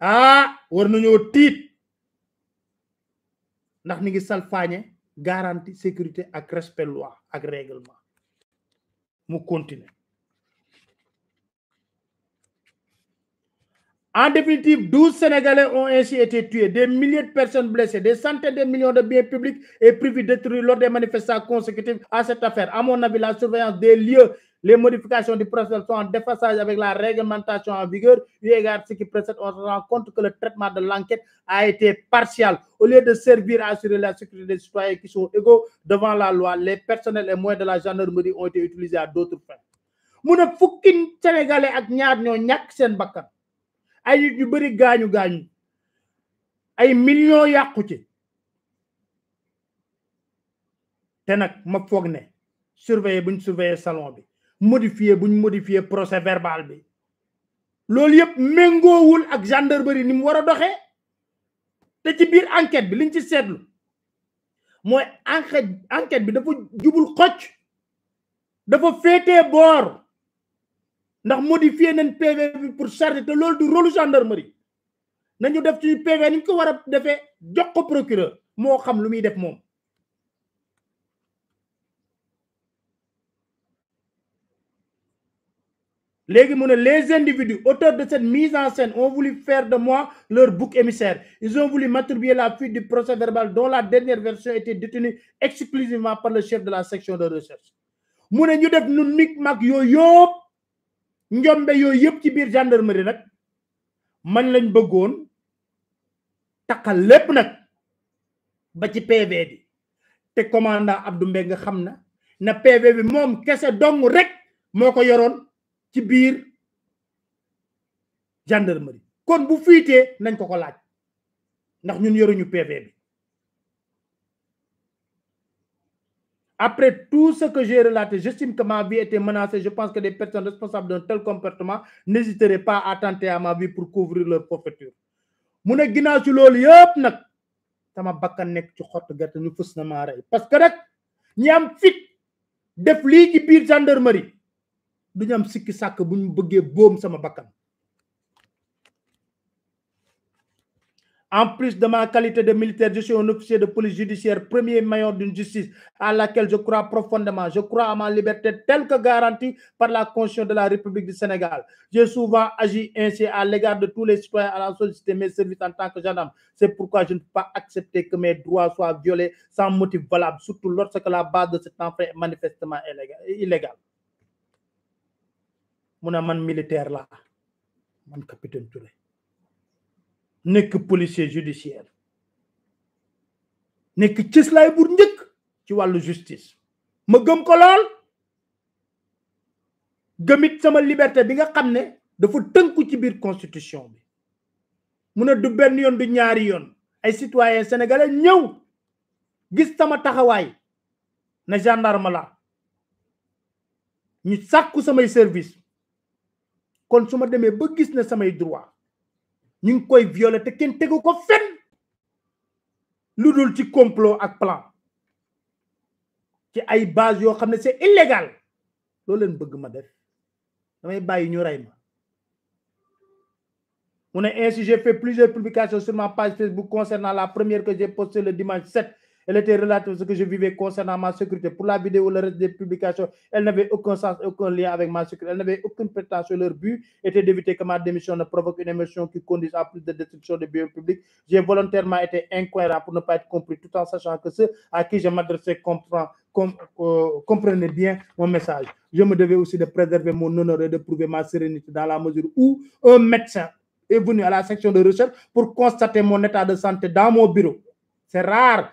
S1: ah war Nous ni ngi garantie sécurité loi ak règlement mu En définitive, 12 Sénégalais ont ainsi été tués, des milliers de personnes blessées, des centaines de millions de biens publics et privés détruits lors des manifestations consécutives à cette affaire. À mon avis, la surveillance des lieux les modifications du procès sont en défaçage avec la réglementation en vigueur. Eu égard ce qui précède, on se rend compte que le traitement de l'enquête a été partial. Au lieu de servir à assurer la sécurité des citoyens qui sont égaux devant la loi, les personnels et moyens de la gendarmerie ont été utilisés à d'autres fins. mu ne fukki sénégalais ak ñaar ñoo ñàkk sen bakkan ay nit yu il y a ay millions yàqu ci te nag ma foog ne surveiller buñ surveiller salon bi modifier buñ modifier procès verbal bi loolu yëpp méngoowul ak gendarmerie ni mu war a doxee te ci biir enquête bi liñ ci seetlu mooy enquête enquête bi dafa jubul xocc dafa féetee boor ndax modifier nañ PV bi pour charger te loolu du rôle gendarmerie nañu def ci PV ni ko war a defee jox ko procureur moo xam lu muy def moom léegi mu les individus auteurs de cette mise en scène ont voulu faire de moi leur bouc émissaire ils ont voulu m'attribuer la fuite du procès verbal dont la dernière version était détenue exclusivement par le chef de la section de recherche mu ñu def nun mig mag yooyu yëpp njombe yooyu yëpp ci biir gendarmerie nak man lañ bëggoon takal lépp nak ba ci PV bi te commandant Abdou Mbengue nga xam na PV bi mom kese dong rek moko yoron ci biir gendarmerie kon bu fiitee nañ ko ko laaj ndax ñun yoruñu PV bi Après tout ce que j'ai relaté, j'estime que ma vie était menacée. Je pense que des personnes responsables d'un tel comportement n'hésiteraient pas à tenter à ma vie pour couvrir leur forfaiture. Mune gina ci loolu que nak sama bakkan nekk ci xottu gerte ñu na parce que rek ñi am fit def li gendarmerie en plus de ma qualité de militaire je suis un officier de police judiciaire premier maillon d'une justice à laquelle je crois profondément je crois à ma liberté telle que garantie par la conscience de la République du Sénégal j'ai souvent agi ainsi à l'égard de tous les citoyens à la solliciter mes services en tant que gendarme c'est pourquoi je ne peux pas accepter que mes droits soient violés sans motif valable surtout lorsque la base de cet enfant est manifestement illégale muna man militaire la man capitaine Touré nek policier judiciaire ci slay bu njëkk ci walu justice ma gëm ko lol gëmit sama liberté bi nga xamné dafa tënku ci bir constitution bi muna du ben yon du ñaari yon ay citoyens sénégalais ñew gis sama taxaway na gendarme la ñu sakku sama service kon de mes ba gis na samay droit ñu ngi koy violer te kenn tegu ko fenn lu ci complot ak plan ci ay base yoo xam c'est illégal loolu leen bëgg ma def damay bàyyi ñu rey ma mu ne ainsi j'ai fait plusieurs publications sur ma page Facebook concernant la première que j'ai postée le dimanche 7 elle était relative à ce que je vivais concernant ma sécurité. Pour la vidéo, le reste des publications, elle n'avait aucun sens, aucun lien avec ma sécurité. Elle n'avait aucune prétention. Leur but était d'éviter que ma démission ne provoque une émotion qui conduise à plus de destruction des biens publics. J'ai volontairement été incohérent pour ne pas être compris, tout en sachant que ceux à qui je m'adressais euh, comprenaient bien mon message. Je me devais aussi de préserver mon honneur et de prouver ma sérénité dans la mesure où un médecin est venu à la section de recherche pour constater mon état de santé dans mon bureau. C'est rare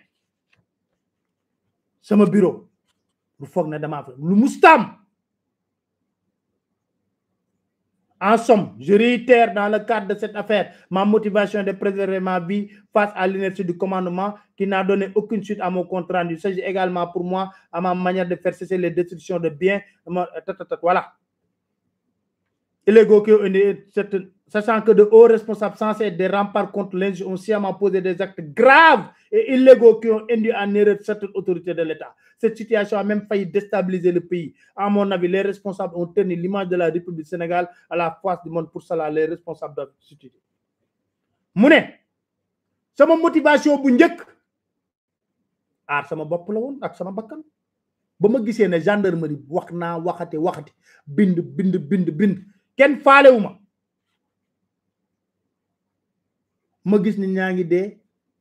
S1: mon bureau pour nous ne Nous En somme, je réitère dans le cadre de cette affaire ma motivation de préserver ma vie face à l'inertie du commandement qui n'a donné aucune suite à mon contrat. Il s'agit également pour moi à ma manière de faire cesser les destructions de biens. Voilà illégaux qui ont une certaine sachant que de hauts responsables censés être des remparts contre l'injure ont sciemment posé des actes graves et illégaux qui ont induit en erreur certaines autorités de l'État. Cette situation a même failli déstabiliser le pays. À mon avis, les responsables ont tenu l'image de la République du Sénégal à la face du monde. Pour cela, les responsables doivent s'utiliser. Mouné, c'est ma motivation bu njëkk aar sama bopp la woon ak sama bakkan bama ma gisee ne gendarmerie wax naa waxati waxati bind bind bind bind kenn faalewu ma ma gis ni ñaa ngi dee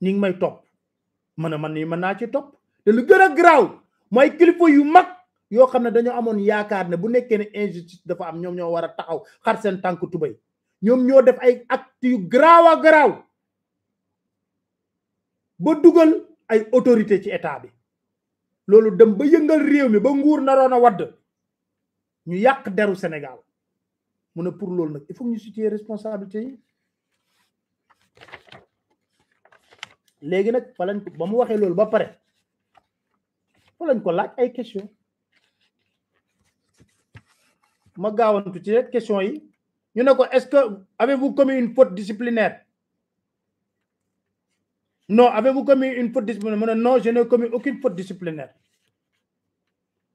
S1: ñi may topp man a man nii mën naa ci topp te lu gën a garaaw mooy kilifa yu mag yoo xam ne dañoo amoon yaakaar ne bu nekkee ne injustice dafa am ñoom ñoo war a taxaw xar seen tànk tubay ñoom ñoo def ay acte yu garaaw a garaaw ba dugal ay autorité ci état bi loolu dem ba yëngal réew mi ba nguur naroon a wadd ñu yàq deru Sénégal pour il faut ñu nous responsabilité yi fa ba mu ba fa ko ay question ci yi ne est-ce que avez-vous commis une faute disciplinaire non avez-vous commis une faute disciplinaire non je n'ai commis aucune faute disciplinaire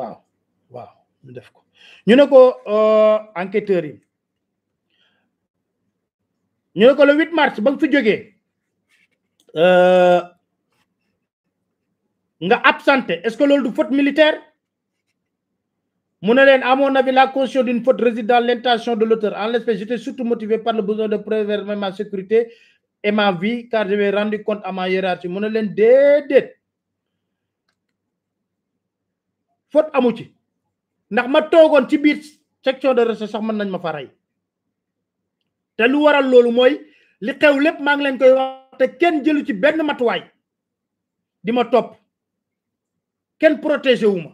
S1: waaw waaw ñu def ko ñu ne ko euh, enquêteurs yi ñu le 8 mars ba nga fi jógee euh, absenté est-ce que loolu du faute militaire mu ne leen à mon avis la conscience d'une faute réside à l'intention de l'auteur en l'espèce j'étais surtout motivé par le besoin de prévenir ma sécurité et ma vie car je vais rendre compte à ma hiérarchie mu ne leen déedéet faute amu ci ndax ma toogoon ci biir section de recherche sax mën nañ ma fa rey te lu waral loolu mooy li xew lépp maa ngi leen koy wax te kenn jëlu ci benn matuwaay di ma topp kenn protégé wu ma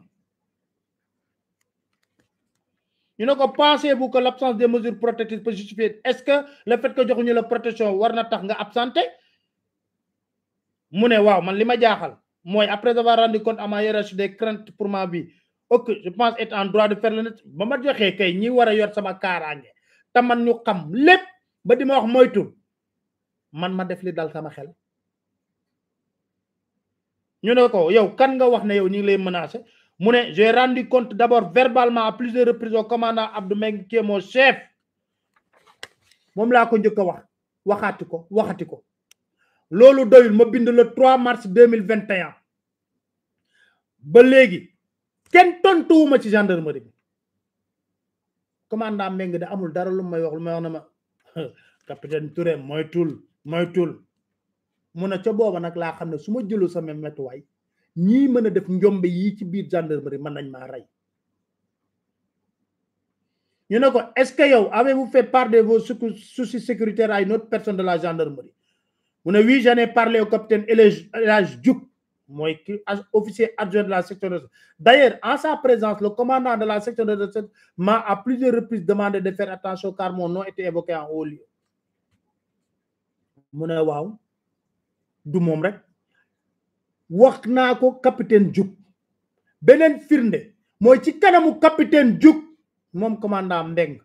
S1: ñu ne ko pensez-vous ko l'absence des mesures protectrices peut justifier est-ce que le fait que joxuñu la protection war na tax nga absenté mu ne waaw man li ma jaaxal moi, après avoir rendu compte à ma hiérarchie des craintes pour ma vie, ok, je pense être en droit de faire le net. Je me dis que nous avons eu sama karange. Taman ñu xam lepp ba dima wax moytu. Man ma def li dal sama xel. Ñu ne ko yow kan nga wax ne yow ñi lay menacer mu ne j'ai rendu compte d'abord verbalement à plusieurs reprises au commandant Abdou Meng qui est mon chef. mom la ko njëkk wax waxati ko waxati ko loolu doyul ma bind le 3 mars 2021 ba léegi kenn tontuwuma ci gendarmerie bi commandant Mbengue de amul dara lu may wax lu may wax na ma <laughs> capitaine Touré moytul moytul mu ne ca booba nag laa xam ne su ma jëlu sama metuwaay ñii mën a def njombe yii ci biir gendarmerie mën nañ maa rey ñu ne ko est-ce que yow avez-vous fait part de vos soucis sécuritaires à une autre personne de la gendarmerie mu oui j'en ai parlé au capitaine Elage Djuk, officier adjoint de la section de d'ailleurs en sa présence le commandant de la section de recette m'a à plusieurs reprises demandé de faire attention car mon nom était évoqué en haut lieu mu ne du moom rek capitaine Diouf Benen firnde moi, ci kanamu capitaine Diouf Mon commandant Mbeng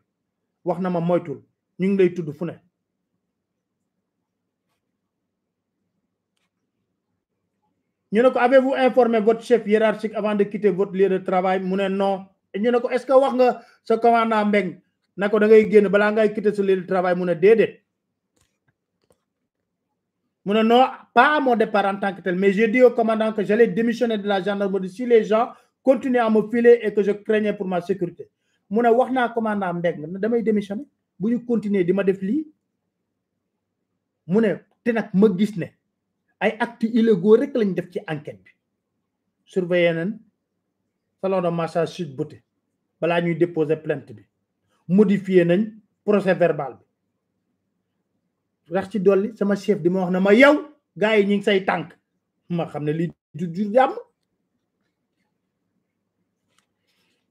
S1: Waknama Moitul. ma moytul ñu ngi lay ñu ne avez-vous informé votre chef hiérarchique avant de quitter votre lieu de travail mu non ñu ne est-ce que wax nga sa commandant Mbeng na ko da ngay génn bala ngay quitter lieu de travail mu ne déedéet non pas à mon départ en tant que tel mais j'ai dit au commandant que j'allais démissionner de la gendarmerie si les gens continuaient à me filer et que je craignais pour ma sécurité mu ne wax naa commandant Mbeng na damay démissionner bu ñu continuer di ma def lii mu ne te nag ma gis ay actes illégaux rek lañu def ci enquête bi surveiller nañ salon de massage Sweet Beauté balaa ñuy déposé plainte bi modifier nañ procès verbal bi rax ci dolli sama chef di ma wax na ma yow gars yi ñi ngi say tànk ma xam ne lii du du jàmm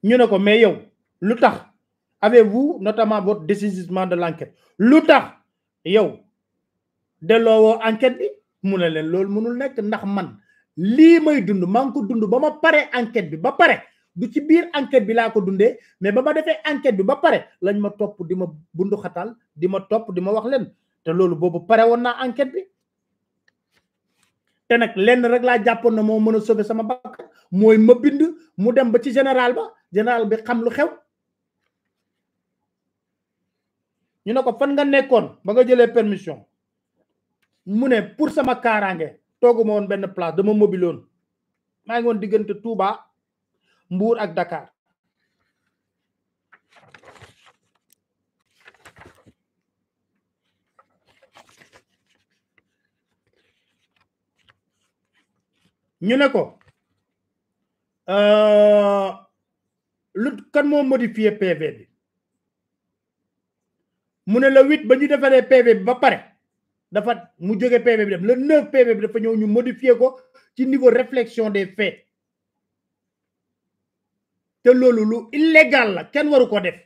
S1: ñu ne ko mais yow lu tax avez-vous notamment votre dessaisissement de l'enquête lu tax yow delloowoo enquête bi mu ne leen loolu mënul nekk ndax man lii may dund maa ngi ko dund ba ma pare enquête bi ba pare du ci biir enquête bi laa ko dundee mais ba ma defee enquête bi ba pare lañ ma topp di ma bundu xatal di ma topp di ma wax leen te loolu boobu pare woon naa enquête bi te nag lenn rek laa jàppoon na moo mën a sauver sama bakkan mooy ma bind mu dem ba ci général ba général bi xam lu xew ñu ne ko fan nga nekkoon ba nga jëlee permission mu ne pour sama kaaraange tooguma woon benn place dama mobiloon maa ngi diggante Touba mbuur ak Dakar ñu ne ko euh, lu kan moo modifié PV bi mu ne la huit ba ñu defaree PV bi ba pare dafa mu PV le 9 PV bi dafa modifier ko ci niveau réflexion des faits te lolu lu illégal la waru ko def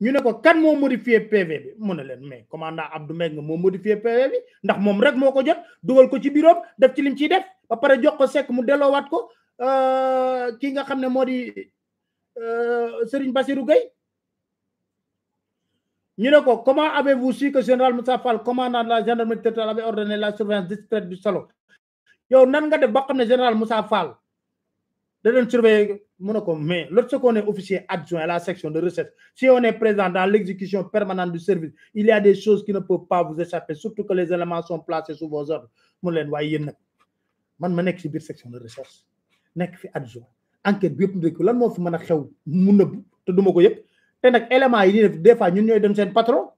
S1: ñu ne ko kan PV bi mu mais commandant Abdou modifier PV bi ndax mom rek moko jot bureau def ci lim ci def ba pare jox ko mu ko euh, ki nga comment avez-vous su que général Moussa Fall commandant de la gendarmerie territoriale avait ordonné la surveillance discrète du salon yow nan nga def ba xam général Moussa Fall da doon surveiller mu ne ko mais lorsqu'on est officier adjoint à la section de recherche si on est présent dans l'exécution permanente du service il y a des choses qui ne peuvent pas vous échapper surtout que les éléments sont placés sous vos ordres mu leen waaye yéen nag man ma nekk ci section de recherche nekk fi adjoint enquête bi de lan moo fi mën xew mu te té nak élément yi def fois patron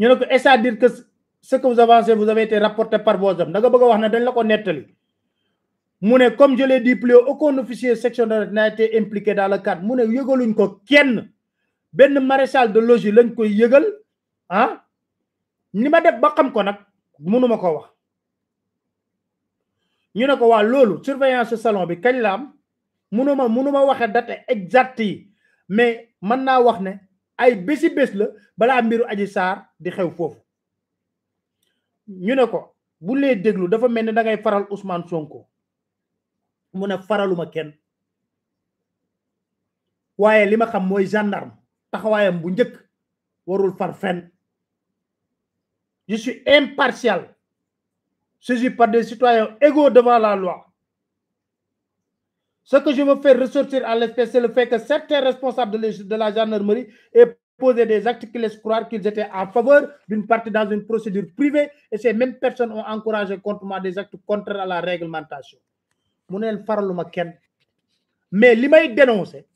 S1: à dire que ce que vous avancez vous avez été rapporté par vos hommes comme je l'ai dit plus aucun officier section n'a été impliqué dans le cadre mu ne yëgaluñ ko kenn maréchal de logis lañ koy ah? ni ma def ba xam ko wax ñu surveillance salon bi kañ munuma munuma waxe date exacte yi mais man naa wax ne ay bési bés la balaa mbiru Adji Sarr di xew foofu ñu ne ko bu lay déglu dafa mel ni da ngay faral Ousmane Sonko mu ne faraluma kenn waaye lima xam mooy gendarme taxawaayam bu njëkk warul far fenn je suis impartial saisi par des citoyens égo devant la loi Ce que je veux faire ressortir à l'espèce, c'est le fait que certains responsables de la gendarmerie aient posé des actes qui laissent croire qu'ils étaient en faveur d'une partie dans une procédure privée et ces mêmes personnes ont encouragé contre moi des actes contraires à la réglementation. mu neel faraluma kenn mais li may dénoncer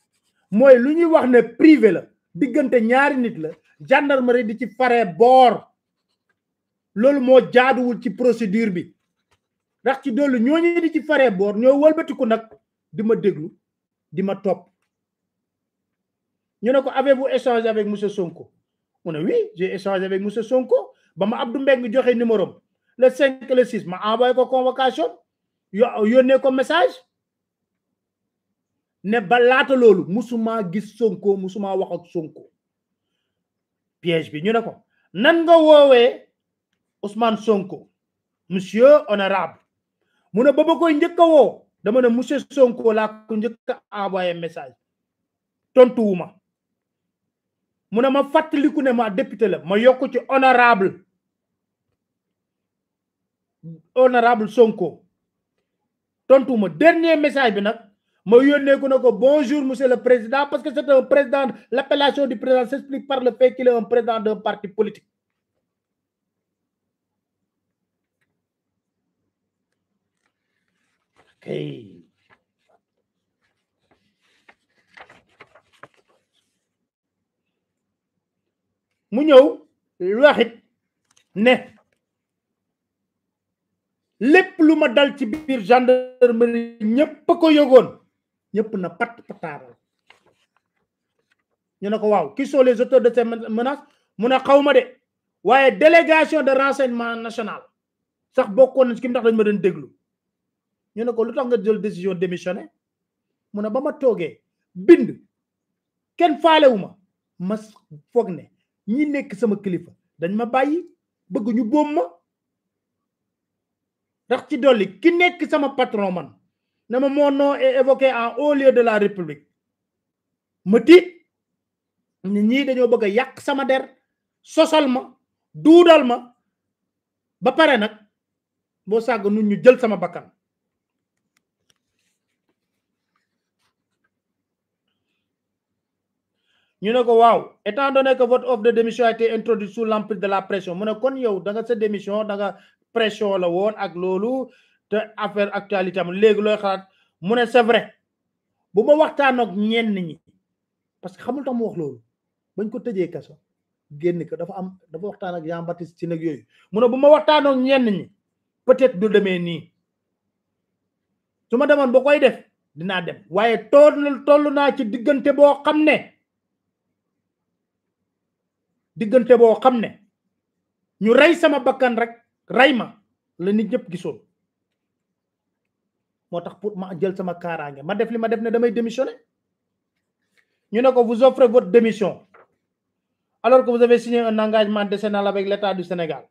S1: c'est que privée, wax ne privé la gendarmerie, ñaari nit la gendarmerie di ci faree boor loolu moo qui ci procédure bi que ci doolu ñooñu di ci faree boor ñoo wëlbatiku di ma déglu top. ma topp ñu ne ko avez-vous échangé avec monsieur Sonko mu ne oui j'ai échangé avec monsieur Sonko ba ma Abdou Mbengue joxe numéro le 5 le 6 ma envoyé ko convocation yo yónnee ko message ne ba laata loolu musuma gis Sonko musuma wax ak Sonko piège bi ñu ne ko nan nga woowee Ousmane Sonko monsieur honorable mu ne ba ba koy njëkk dama ne monsieur Sonko la ko ñëk envoyé message Tontouuma. mu ne ma fàttaliku ne ma député la ma ci honorable honorable Sonko tontouma dernier message bi nag ma yónnee ko bonjour monsieur le président parce que c'est un président l'appellation du président s'explique par le fait qu'il est un président d'un parti politique mu ñëw waxit ne lépp lu ma dal ci biir gendarmerie ñëpp a ko yëgoon ñëpp na pat pataaral ñu ne ko waaw qui sont les auteurs de ces menaces mu ne xaw ma de waaye délégation de renseignement national sax bokkoon na ci ki mu tax dañu ma doon déglu ñu ne ko lu tax nga jël décision démissionné mu ne ba ma toogee bind kenn faalewu ma ma foog ne ñi nekk sama kilifa dañ ma bàyyi bëgg ñu boom ma ndax ci dolli ki nekk sama patron man na ma mon nom est évoqué en haut lieu de la république ma tiit ne ñii dañoo bëgg a yàq sama der sosal ma duudal ma ba pare nag boo sàgg nun ñu jël sama bakkan ñu ne ko waaw étant donné que votre offre de démission a été introduite sous l'emprise de la pression mu ne kon yow da nga sa démission da nga pression la woon ak loolu te affaire actualité am léegi looy xalaat mu ne c'est vrai bu ma waxtaan ak ñenn ñi parce que xamul tax mu wax loolu bañ ko tëjee kaso génn ko dafa am dafa waxtaan ak Jean Baptiste ci nag yooyu mu ne bu ma waxtaan ak ñenn ñi peut-être du demee nii su ma demoon ba koy def dinaa dem waaye toll toll naa ci diggante boo xam ne diggante boo xam ne ñu rey sama bakkan rek rey ma la nit ñëpp gisoon moo tax pour ma jël sama kaaraange ma def li ma def ne damay démissionner ñu ne ko vous offrez votre démission alors que vous avez signé un engagement décennal avec l'État du Sénégal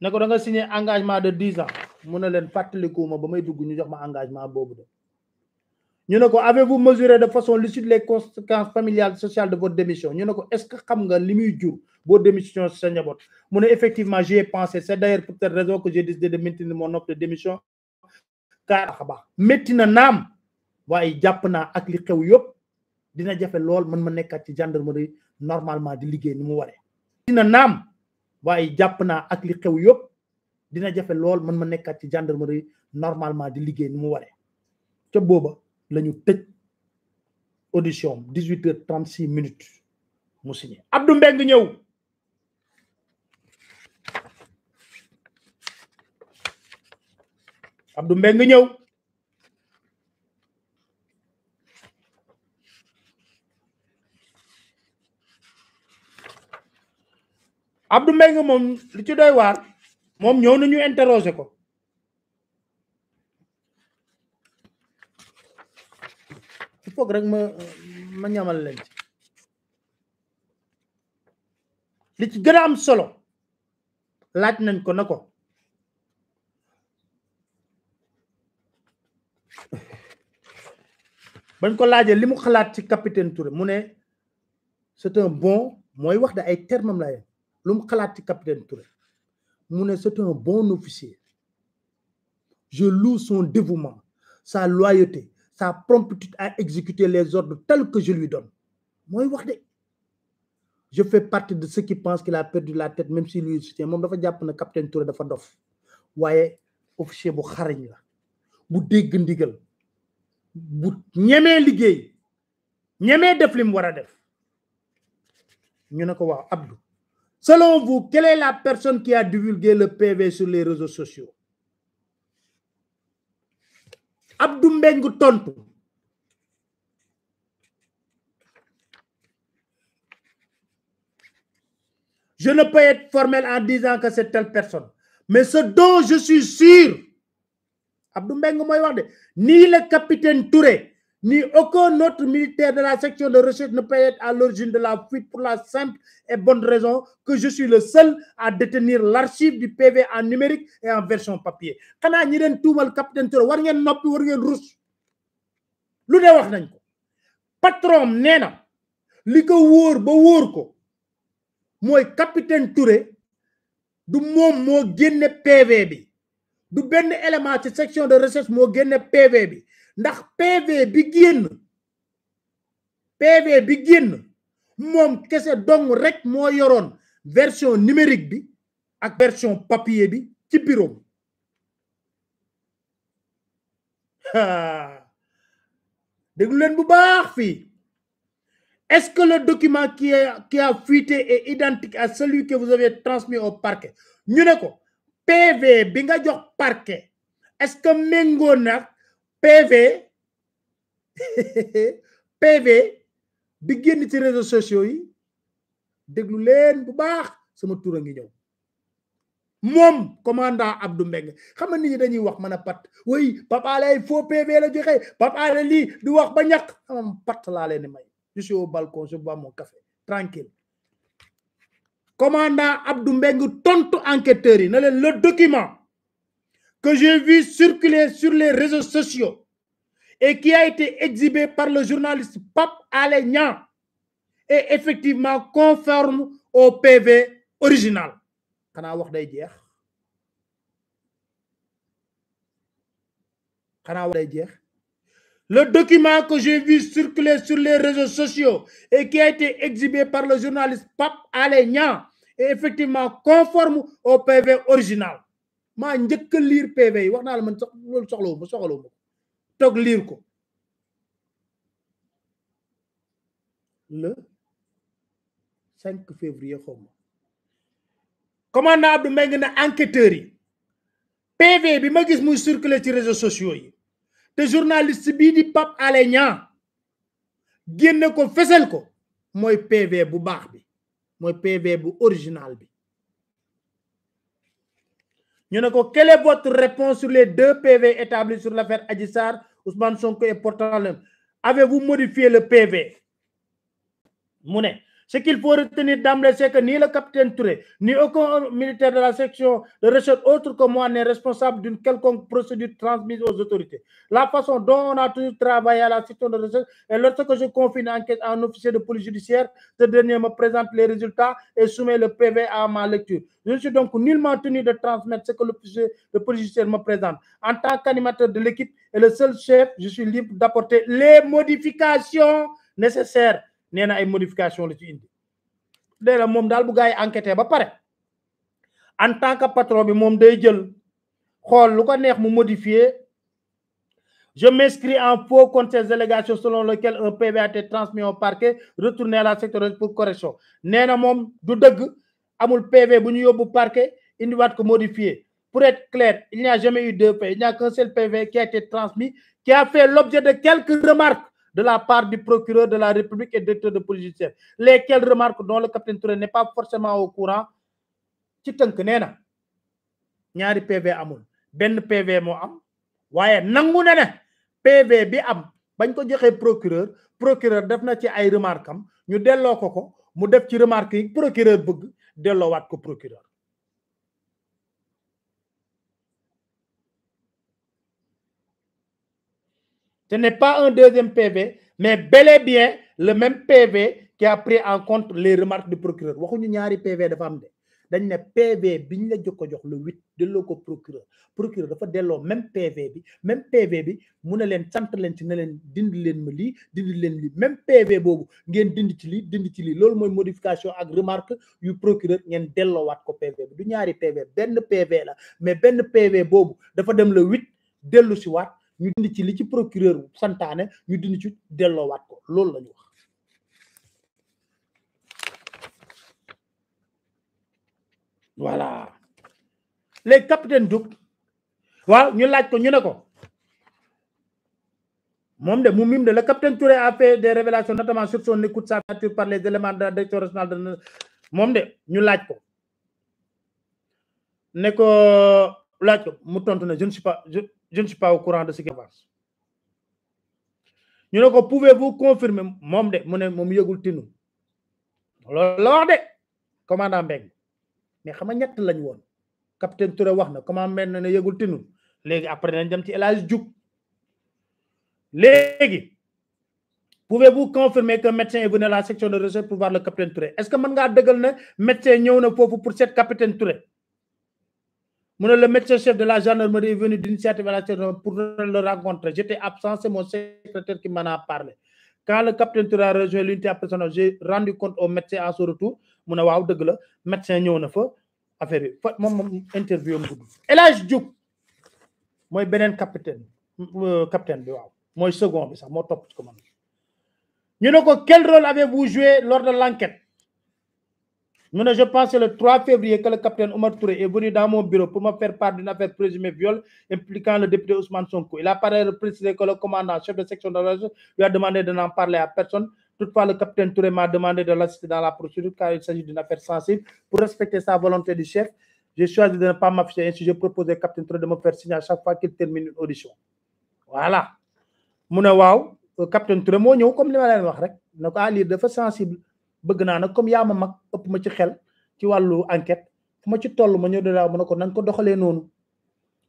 S1: ne ko da signé engagement de dix ans mu ne leen fàttalikuwuma ba may dugg ñu jox ma engagement boobu de ñu avez-vous mesuré de façon lucide les conséquences familiales sociales de votre démission ñu est-ce que xam nga li muy jur démission sa njaboot mu effectivement j'ai pensé c'est d'ailleurs pour cette raison que j'ai décidé de maintenir mon offre de démission car xaba ah metti na nam waye jàpp naa ak li xew yop dina jafé lool man ma nekkaat ci gendarmerie normalement di liggéey ni mu waré dina nam waye jàpp naa ak li xew yop dina jafé lool man ma ci gendarmerie normalement di liggéey ni mu waré ca booba la tej audition 18h36 minutes mu signé Abdou Mbengue ñew Abdou mbeng Abdou Mbengue mom li ci doy war nañu interroger foog rek ma ma ñamal leen ci li ci gën a am solo laaj nañ ko na ko bañ ko laajee li mu xalaat ci capitaine Touré mu ne c'est un bon mooy wax da ay termam laa yem lu mu xalaat ci capitaine Touré mu ne c'est un bon officier je loue son dévouement sa loyauté ça promptitude à exécuter les ordres tels que je lui donne Moi, wax je fais partie de ceux qui pensent qu'il a perdu la tête même si lui soutient un dafa jàpp na capitaine Touré de dof waaye officier bu xarañ la bu dégg ndigal bu ñemee liggéey ñemee def lim def ñu ko waaw Abdou selon vous quelle est la personne qui a divulgué le PV sur les réseaux sociaux Abdou je ne peux être formel en disant que c'est telle personne mais ce dont je suis sûr Abdou ni le capitaine Touré ni aucun autre militaire de la section de recherche ne peut être à l'origine de la fuite pour la simple et bonne raison que je suis le seul à détenir l'archive du PV en numérique et en version papier xanaa ñi leen le capitaine Touré war ngeen noppi war ngeen wax nañ ko patron nena, li ko wóor ba wóor ko Moi, capitaine Touré du mom mo génne PV bi du ben élément ci section de recherche mo génne PV bi ndax PV bi génn PV bi génn moom kese dong rek moo version numérique bi ak version papier bi ci bureau est-ce que le document qui a qui a fuité est identique à celui que vous avez transmis au parquet ñu ne ko PV bi nga jox parquet est-ce que méngoo PV <laughs> PV bi génn ci réseaux sociaux yi déglu leen bu baax sama tur a ngi ñëw moom commandant Abdou Mbengue xam nga nit ñi dañuy wax man a pat oui Pape Alé ay la joxe Pape Alé lii di wax ba ñàkk xamam pat laa leen di may je suis au balcon je bois mon café tranquille commandant Abdou Mbengue tontu enquêteurs yi na leen le document que j'ai vu circuler sur les réseaux sociaux et qui a été exhibé par le journaliste Pape Alignan est effectivement conforme au PV original. le document que j'ai vu circuler sur les réseaux sociaux et qui a été exhibé par le journaliste Pape Alé est effectivement conforme au PV original maa njëkk a liir PV yi wax naa la man sax loolu soxlawu ma soxlawu ma toog liir ko le 5 février xaw ma commandant Abdou Mbengue na enquêteurs yi PV bi ma gis muy circuler ci réseaux sociaux yi te journaliste bii di Pape Alé Niang génne ko fesel ko mooy PV bu baax bi mooy PV bu original bi quelle est votre réponse sur les deux PV établis sur l'affaire Adjissar Ousmane Sonko et Portalem avez-vous modifié le PV Moune ce qu'il faut retenir d'emblée, c'est que ni le capitaine Touré, ni aucun militaire de la section de recherche autre que moi n'est responsable d'une quelconque procédure transmise aux autorités. La façon dont on a toujours travaillé à la section de recherche et lorsque je confie l'enquête à un officier de police judiciaire, ce dernier me présente les résultats et soumet le PV à ma lecture. Je ne suis donc nullement tenu de transmettre ce que l'officier de police judiciaire me présente. En tant qu'animateur de l'équipe et le seul chef, je suis libre d'apporter les modifications nécessaires y ay modification la ci indi nee na bu en tant que patron bi mom day jël lu ko je m'inscris en faux contre ces allégations selon lesquelles un PV a été transmis au parquet retourné à la secteur pour correction Nena y du deug amul PV bu ko modifié pour être clair il n'y a jamais eu de PV il n'y a qu'un seul PV qui a été transmis qui a fait l'objet de quelques remarques de la part du procureur de la République et directeur de police judiciaire lesquelles remarques dont le capitaine Touré n'est pas forcément au courant ci teunk y na ñaari PV amul ben PV mo am waye nangu a PV bi am bañ ko joxe procureur procureur def na ci ay remarque am ñu delo ko ko mu def ci remarque yi procureur bëgg wat ko procureur Ce n'est pas un deuxième PV, mais bel et bien le même PV qui a pris en compte les remarques du procureur. waxuñu ñaari PV dafa am de dañ ne PV bi ñu la jox ko jox le huit delloo ko procureur procureur dafa delloo même PV bi même PV bi mu ne leen sant leen ci ne leen dindi leen ma lii dindi leen lii même PV boobu ngeen dindi ci lii dindi ci lii loolu mooy modification ak remarque yu procureur ngeen delloowaat ko PV bi du ñaari PV benn PV la mais benn PV boobu dafa dem le huit dellu si waat ñu dindi ci li ci procureur santaane ñu dindi ci delloowaat ko loolu la ñu wax voilà léegi capitaine Diop waaw ñu laaj ko ñu ne ko moom de mu mim de le capitaine Touré a fait des révélations notamment sur son écoute sa facture par les éléments de la direction nationale de moom de ñu laaj ko ne ko laaj ko mu tontu ne je ne suis pas je ne suis pas au courant de ce qui avance ñu ne ko pouvez-vous confirmer mon de mu ne moom yëgul tinu la wax de commandant Mbengue mais xam nga lañ woon capitaine Touré wax comment commandant Mbengue ne yëgul tinu léegi après nañ dem ci El Hadj Diouf pouvez-vous confirmer que médecin est venu à la section de recherche pour voir le capitaine Touré est-ce que mën ngaa dëggal ne médecin ñëw na pour pour le capitaine Touré le médecin chef de la gendarmerie est venu d'initiative à la pour le rencontrer. J'étais absent, c'est mon secrétaire qui m'en a parlé. Quand le capitaine Touré a rejoint l'unité à personnel, j'ai rendu compte au médecin à son retour. Mon dit deug la médecin en fait fa affaire fait mom interview Et là, Elage Diouf moy benen capitaine euh, capitaine bi suis moy second bi sax top ci quel rôle avez-vous joué lors de l'enquête je pense le 3 février que le capitaine Omar Touré est venu dans mon bureau pour me faire part d'une affaire présumée viol impliquant le député Ousmane Sonko. Il a par ailleurs précisé que le commandant, chef de section de la lui a demandé de n'en parler à personne. Toutefois, le capitaine Touré m'a demandé de l'assister dans la procédure car il s'agit d'une affaire sensible. Pour respecter sa volonté du chef, j'ai choisi de ne pas m'afficher. Ainsi, j'ai proposé au capitaine Touré de me faire signer à chaque fois qu'il termine une audition. Voilà. Mon wow, capitaine Touré, moi, comme je lire de façon sensible bëgg naa nag comme yaa ma mag ëpp ma ci xel ci wàllu enquête fu ma ci toll ma ñëw de laa mën a ko nan ko doxalee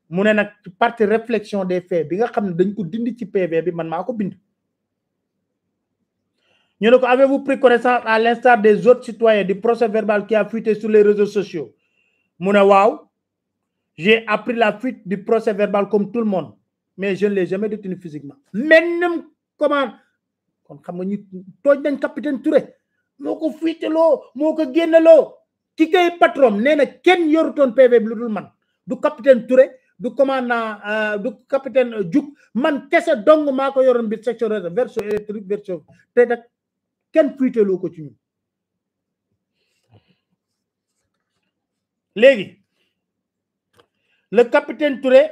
S1: mu ne partie réflexion des faits bi nga xam ne dañ ko dindi ci PV bi man bind ñu ne ko avez-vous pris connaissance à l'instar des autres citoyens du procès verbal qui a fuité sur les réseaux sociaux mu ne waaw j'ai appris la fuite du procès verbal comme tout le monde mais je ne l'ai jamais détenu physiquement. Mais comment kon xam nga ñu nañ capitaine Touré moko ko moko moo ko génneloo ki koy patron neena ken kenn yorutoon PV bi man du capitaine Touré du commandant euh, du capitaine Diouk man kessa dong mako yoron bit secteur section réserve électrique version te dak ken fuiteloo ko ci ñun léegi le capitaine Touré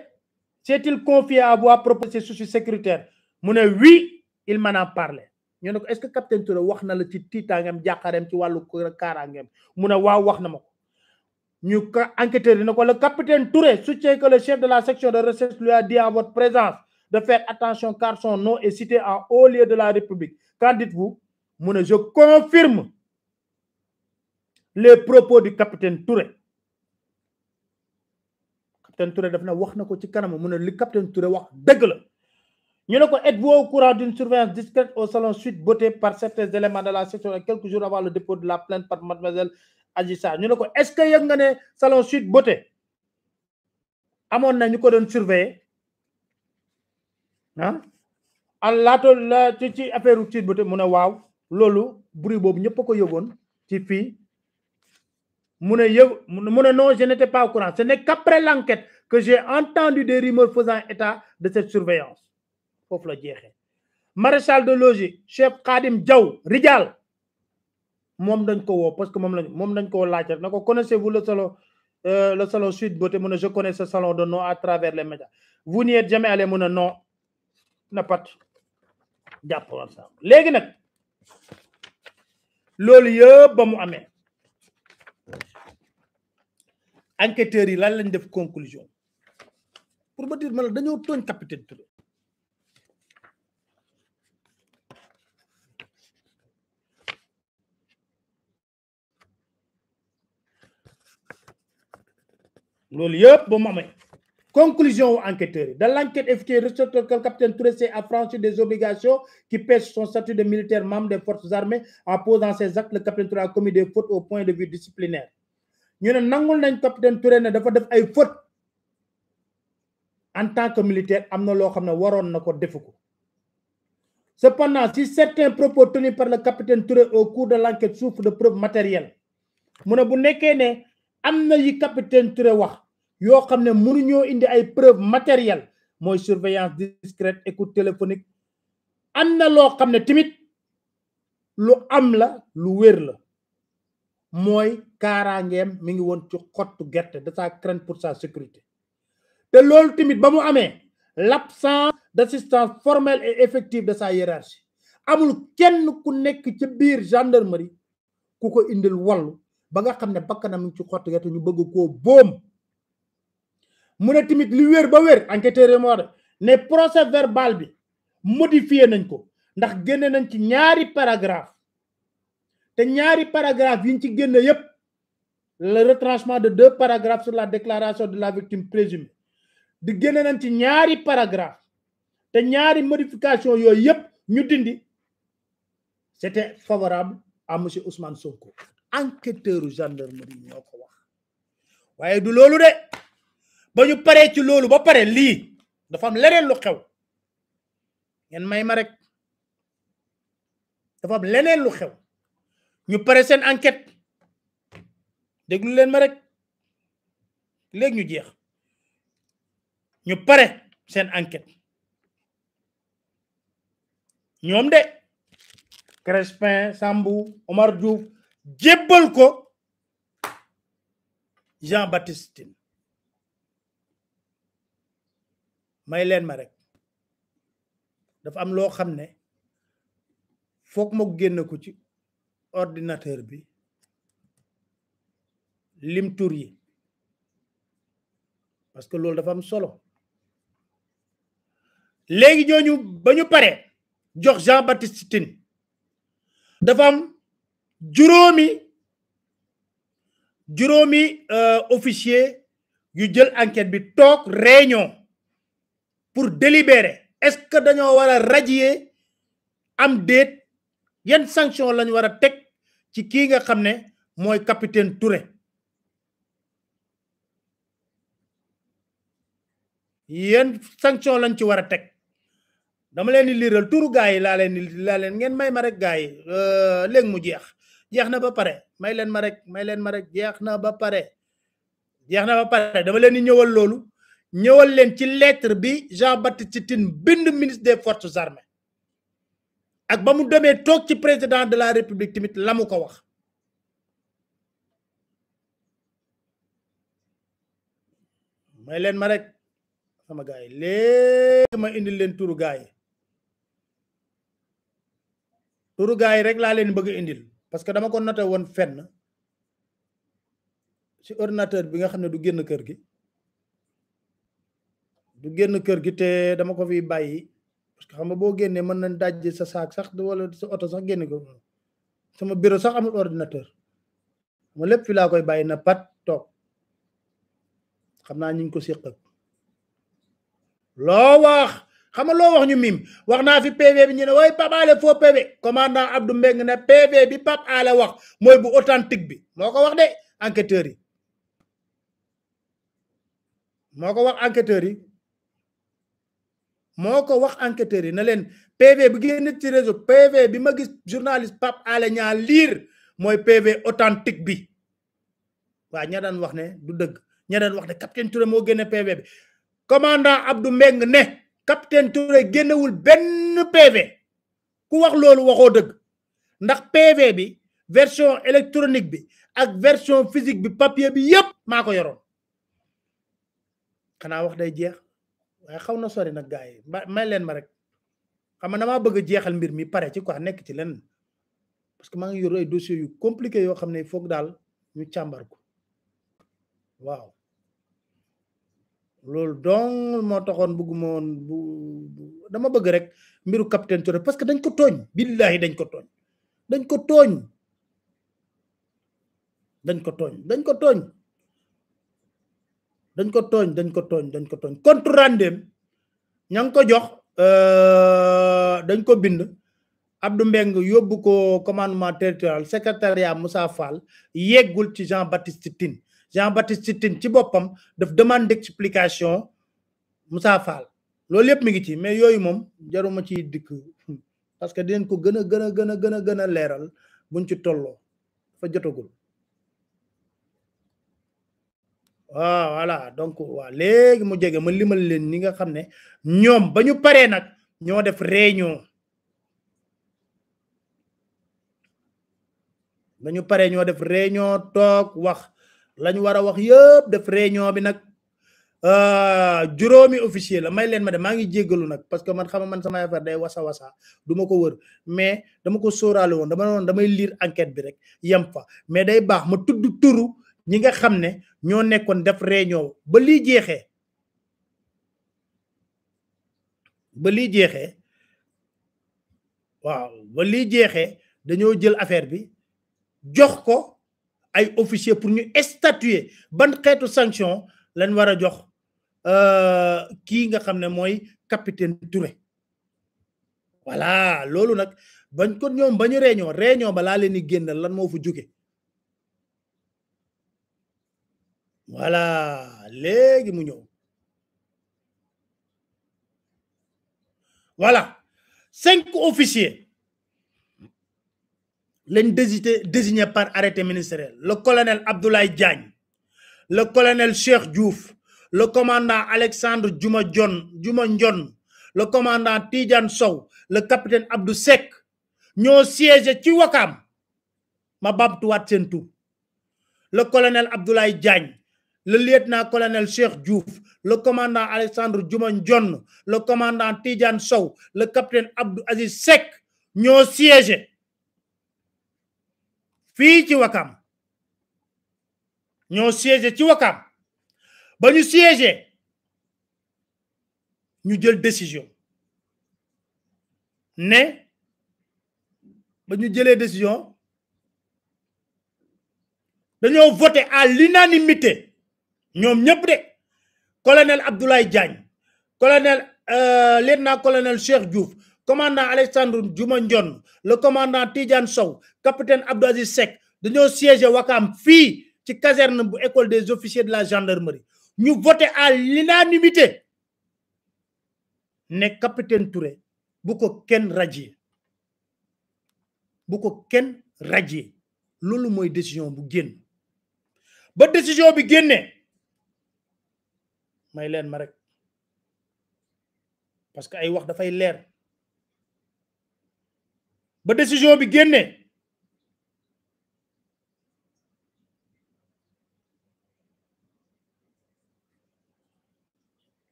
S1: s'est-il confié à avoir proposé souci sécuritaire mu oui il m'en a parlé ñu est-ce que capitaine Touré wax na la ci tiitaangeem jaxarem ci walu karangem mu ne waaw wax na ma ko ñu ka enquêteur dina ko le capitaine Touré soutient que le chef de la section de recherche lui a dit en votre présence de faire attention car son nom est cité en haut lieu de la République. Qu'en dites-vous mu je confirme les propos du capitaine Touré capitaine Touré daf na wax na ko ci kanam mu ne li capitaine Touré wax dëgg la nous êtes-vous au courant d'une surveillance discrète au salon suite beauté par certains éléments de la section quelques jours avant le dépôt de la plainte par mademoiselle Agissa Nous est-ce que vous avez salon suite beauté amoon na ñu ko doon surveiller Non. Hein? a la ci ci suite beauté mu ne waaw loolu bruit boobu ko ci fi mu ne Mon non je n'étais pas au courant ce n'est qu'après l'enquête que j'ai entendu des rumeurs faisant état de cette surveillance foofu la jeexee maréchal de logis chef Khadim Diaw Rijal mom dañ ko wo parce que mom lañ moom dañ ko laaj connaissez-vous le salon euh, le salon suite Beauté mon je connais ce salon de nom à travers les médias vous n'y êtes jamais allé mon ne non na pat jàpp sa léegi nag loolu yëpp ba mu amé enquêteur yi lan lañ def conclusion pour ma dire man la togn tooñ capitaine conclusion enquêteur. enquêteur dans l'enquête effectuée ressorti que le capitaine Touré s'est affranchi des obligations qui pèsent son statut de militaire membre des forces armées en posant ses actes le capitaine Touré a commis des fautes au point de vue disciplinaire ñu ne nangul nañ capitaine Touré ne dafa def ay fautes en tant que militaire am na loo xam ne waroon cependant si certains propos tenus par le capitaine Touré au cours de l'enquête souffrent de preuves matérielles mu ne bu nekkee ne am yi capitaine Touré wax yoo xam ne mu ñoo indi ay preuve matérielle mooy surveillance discrète écoute téléphonique am na loo xam ne tamit lu am la lu wér la mooy kaaraangeem mi ngi woon ci xottu gerte de sa crainte pour sa sécurité te loolu tamit ba mu amee l'absence d'assistance formel et effective de sa hiérarchie amul kenn ku nekk ci biir gendarmerie ku ko indil wallu ba nga xam ne bakkanam mi ci xottu gerte ñu bëgg koo boom mu ne tamit lu wér ba wér enquêteurs yi moo ne procès verbal bi modifié nañ ko ndax génne nañ ci ñaari paragraphe te ñaari paragraphe yiñ ci génne yépp le retranchement de deux paragraphes sur la déclaration de la victime présumée di génne nañ ci ñaari paragraphe te ñaari modification yooyu yépp ñu dindi c'était favorable à monsieur Ousmane Sonko enquêteur gendarmerie ñoo ko wax waaye du loolu de ba ñu paré ci loolu ba paré lii dafa am leneen lu xew ngeen may ma rek dafa lu xew ñu enquête déglu leen ma rek léegi ñu jeex ñu paré enquête ñoom de Crespin Sambou Omar Diouf jébbal Jean Baptiste may leen ma rek dafa am loo xam ne foog ma génn ko ci ordinateur bi lim tur yi parce que loolu dafa am solo léegi ñooñu ba ñu pare jox Jean Baptiste Tine dafa am juróomi juróomi euh, officier yu jël enquête bi toog réunion pour délibérer est-ce que dañoo war a radier am déet yenn sanction lañ war a teg ci kii nga xam ne mooy capitaine Touré yan sanction lañ ci war a teg dama leen di liiral turu gars yi laa leen laa leen ngeen may ma rek gars yi euh, léegi mu jeex jeex na ba pare may leen ma rek may leen ma rek jeex na ba pare jeex na ba pare dama leen di ñëwal loolu ñëwal leen ci lettre bi Jean ci tin bind ministre des forces armées ak ba mu demee toog ci président de la république tamit la mu ko wax may leen ma rek sama gars yi léegi ma indil leen turu gars yi turu yi rek laa leen bëgg indil parce que dama ko noté woon fenn ci ordinateur bi nga xam ne du génn kër gi du génn kër gi te dama ko fi bàyyi parce que xam nga boo génnee mën nañ dajj sa saak sax wala sa oto sax génne ko sama bureau sax amul ordinateur ma lépp fi laa koy bàyyi na pat toog xam naa ñu ko séq loo wax xam nga loo wax ñu mim wax naa fi PV bi ñu ne waaye Pape Alé foo PV commandant Abdou Mbeng ne PV bi Pape Alé wax mooy bu authentique bi moo ko wax de enquêteur yi moo ko wax enquêteur yi moo ko wax enquêteurs yi na leen PV bi génn ci réseau PV bi ma gis journaliste Pape Alé liir mooy PV authentique bi waa ña daan wax ne du dëgg ña daan wax ne capitaine Touré moo génne PV bi commandant Abdou Mbeng ne capitaine Touré génnewul benn PV ku wax loolu waxoo dëgg ndax PV bi version électronique bi ak version physique bi papier bi yépp maa ko yoroon xanaa wax day jeex waaye xaw na sori nag gars yi may leen ma rek xam nga damaa bëgg a jeexal mbir mi pare ci quoi nekk ci leen parce que maa ngi yor ay dossiers yu compliqué yoo xam ne foog daal ñu càmbar ko waaw loolu donc moo taxoon bëgguma woon bu dama bëgg rek mbiru capitaine Touré parce que dañ ko tooñ billahi dañ ko tooñ dañ ko tooñ dañ ko tooñ dañ ko tooñ dañ ko togn dañ ko togn dañ ko togn compte rendem ñang ko jox euh dañ ko bind abdou mbeng yobbu ko commandement territorial secrétariat moussa fall yegul ci jean baptiste tine jean baptiste tine ci bopam daf demande d'explication moussa fall yep mi ngi ci mais yoyu mom jaruma ci dik parce que dinañ ko gëna gëna gëna gëna gëna leral buñ ci tollo fa jotagul waaw ah, voilà donc wa léegi mu jege ma limal len ñi nga xamné ne bañu paré nak ño def réunion bañu paré ño def réunion tok wax lañ wara wax yépp def réunion bi euh ah, juromi officier la may len ma de ma ngi jéggalu nak parce que man xam man sama affaire day wasa wasa duma ko wër mais dama ko soralé won dama non damay lire enquête bi rek yam fa mais day bax ma tuddu turu ñi nga xam ne ñoo nekkoon def réunion ba lii jeexee ba lii jeexee waaw ba lii jeexee dañoo jël affaire bi jox ko ay officier pour ñu statuer ban xeetu sanction lañ war a jox euh, kii nga xam ne mooy capitaine Touré voilà loolu nag bañ ko ñoom ba ñu réunion réunion ba leen di génn lan moo fa voilà les voilà cinq officiers désignés par arrêté ministériel le colonel Abdoulaye Diagne le colonel Cheikh Diouf le commandant Alexandre Djuma John le commandant Tidjan Sow le capitaine Abdou Sek, nous siégé ci Wakam ma le colonel Abdoulaye Diagne le lieutenant-colonel Cheikh Diouf, le commandant Alexandre Djouman John, le commandant Tijan Sow, le capitaine Abdou Aziz Sek, nous avons siégé. Fii ci Wakam. Nous siégé ci Wakam. Ba ñu siégé. Ñu jël décision. nous avons ñu décision dañoo voté à l'unanimité ñoom ñëpp de colonel Abdoulaye Diagne colonel euh, lieutenant colonel Cheikh Diouf commandant Alexandre Diouma Ndion le commandant Tidiane Sow capitaine Abdou Aziz Seck dañoo siégé Wakam fii ci caserne bu école des officiers de la gendarmerie ñu voté à l'unanimité ne capitaine Touré bu ko kenn radier bu ko kenn radier loolu mooy décision bu génn ba décision bi génnee may leen ma rek parce que ay wax dafay leer ba décision bi génnee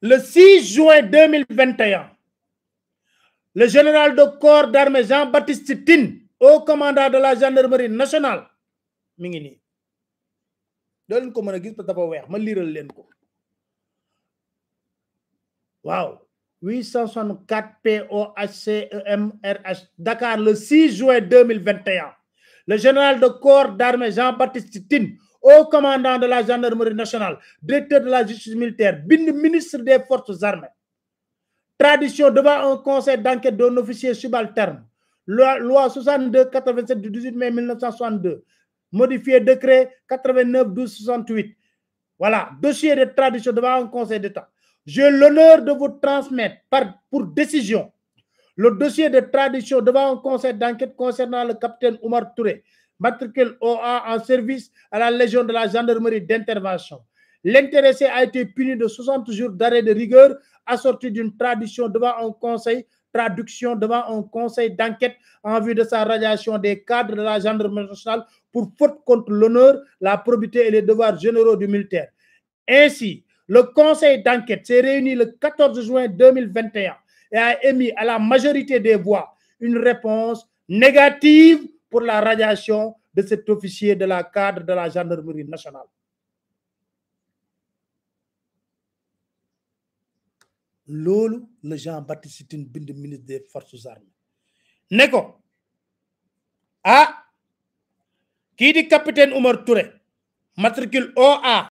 S1: le 6 juin 2021 le général de corps d'armée Jean-Baptiste Tine au commandant de la gendarmerie nationale mi ngi ni doo leen ko mën a gis parce que weex ma liiral leen ko Wow 864 POHCEMRH Dakar le 6 juin 2021 le général de corps d'armée Jean-Baptiste Tine haut commandant de la gendarmerie nationale directeur de la justice militaire ministre des forces armées tradition devant un conseil d'enquête d'un officier subalterne loi loi 62 87 du 18 mai 1962 modifié décret 89 12 68 voilà dossier de tradition devant un conseil d'état j'ai l'honneur de vous transmettre par, pour décision le dossier de tradition devant un conseil d'enquête concernant le capitaine Omar Touré, matricule OA en service à la Légion de la gendarmerie d'intervention. L'intéressé a été puni de 60 jours d'arrêt de rigueur assorti d'une tradition devant un conseil, traduction devant un conseil d'enquête en vue de sa radiation des cadres de la gendarmerie nationale pour faute contre l'honneur, la probité et les devoirs généraux du militaire. Ainsi, le conseil d'enquête s'est réuni le 14 juin 2021 et a émis à la majorité des voix une réponse négative pour la radiation de cet officier de la cadre de la gendarmerie nationale. Lolo, le Jean-Baptiste de ministre des forces armées Neko. ah Qui dit capitaine Oumar Touré matricule OA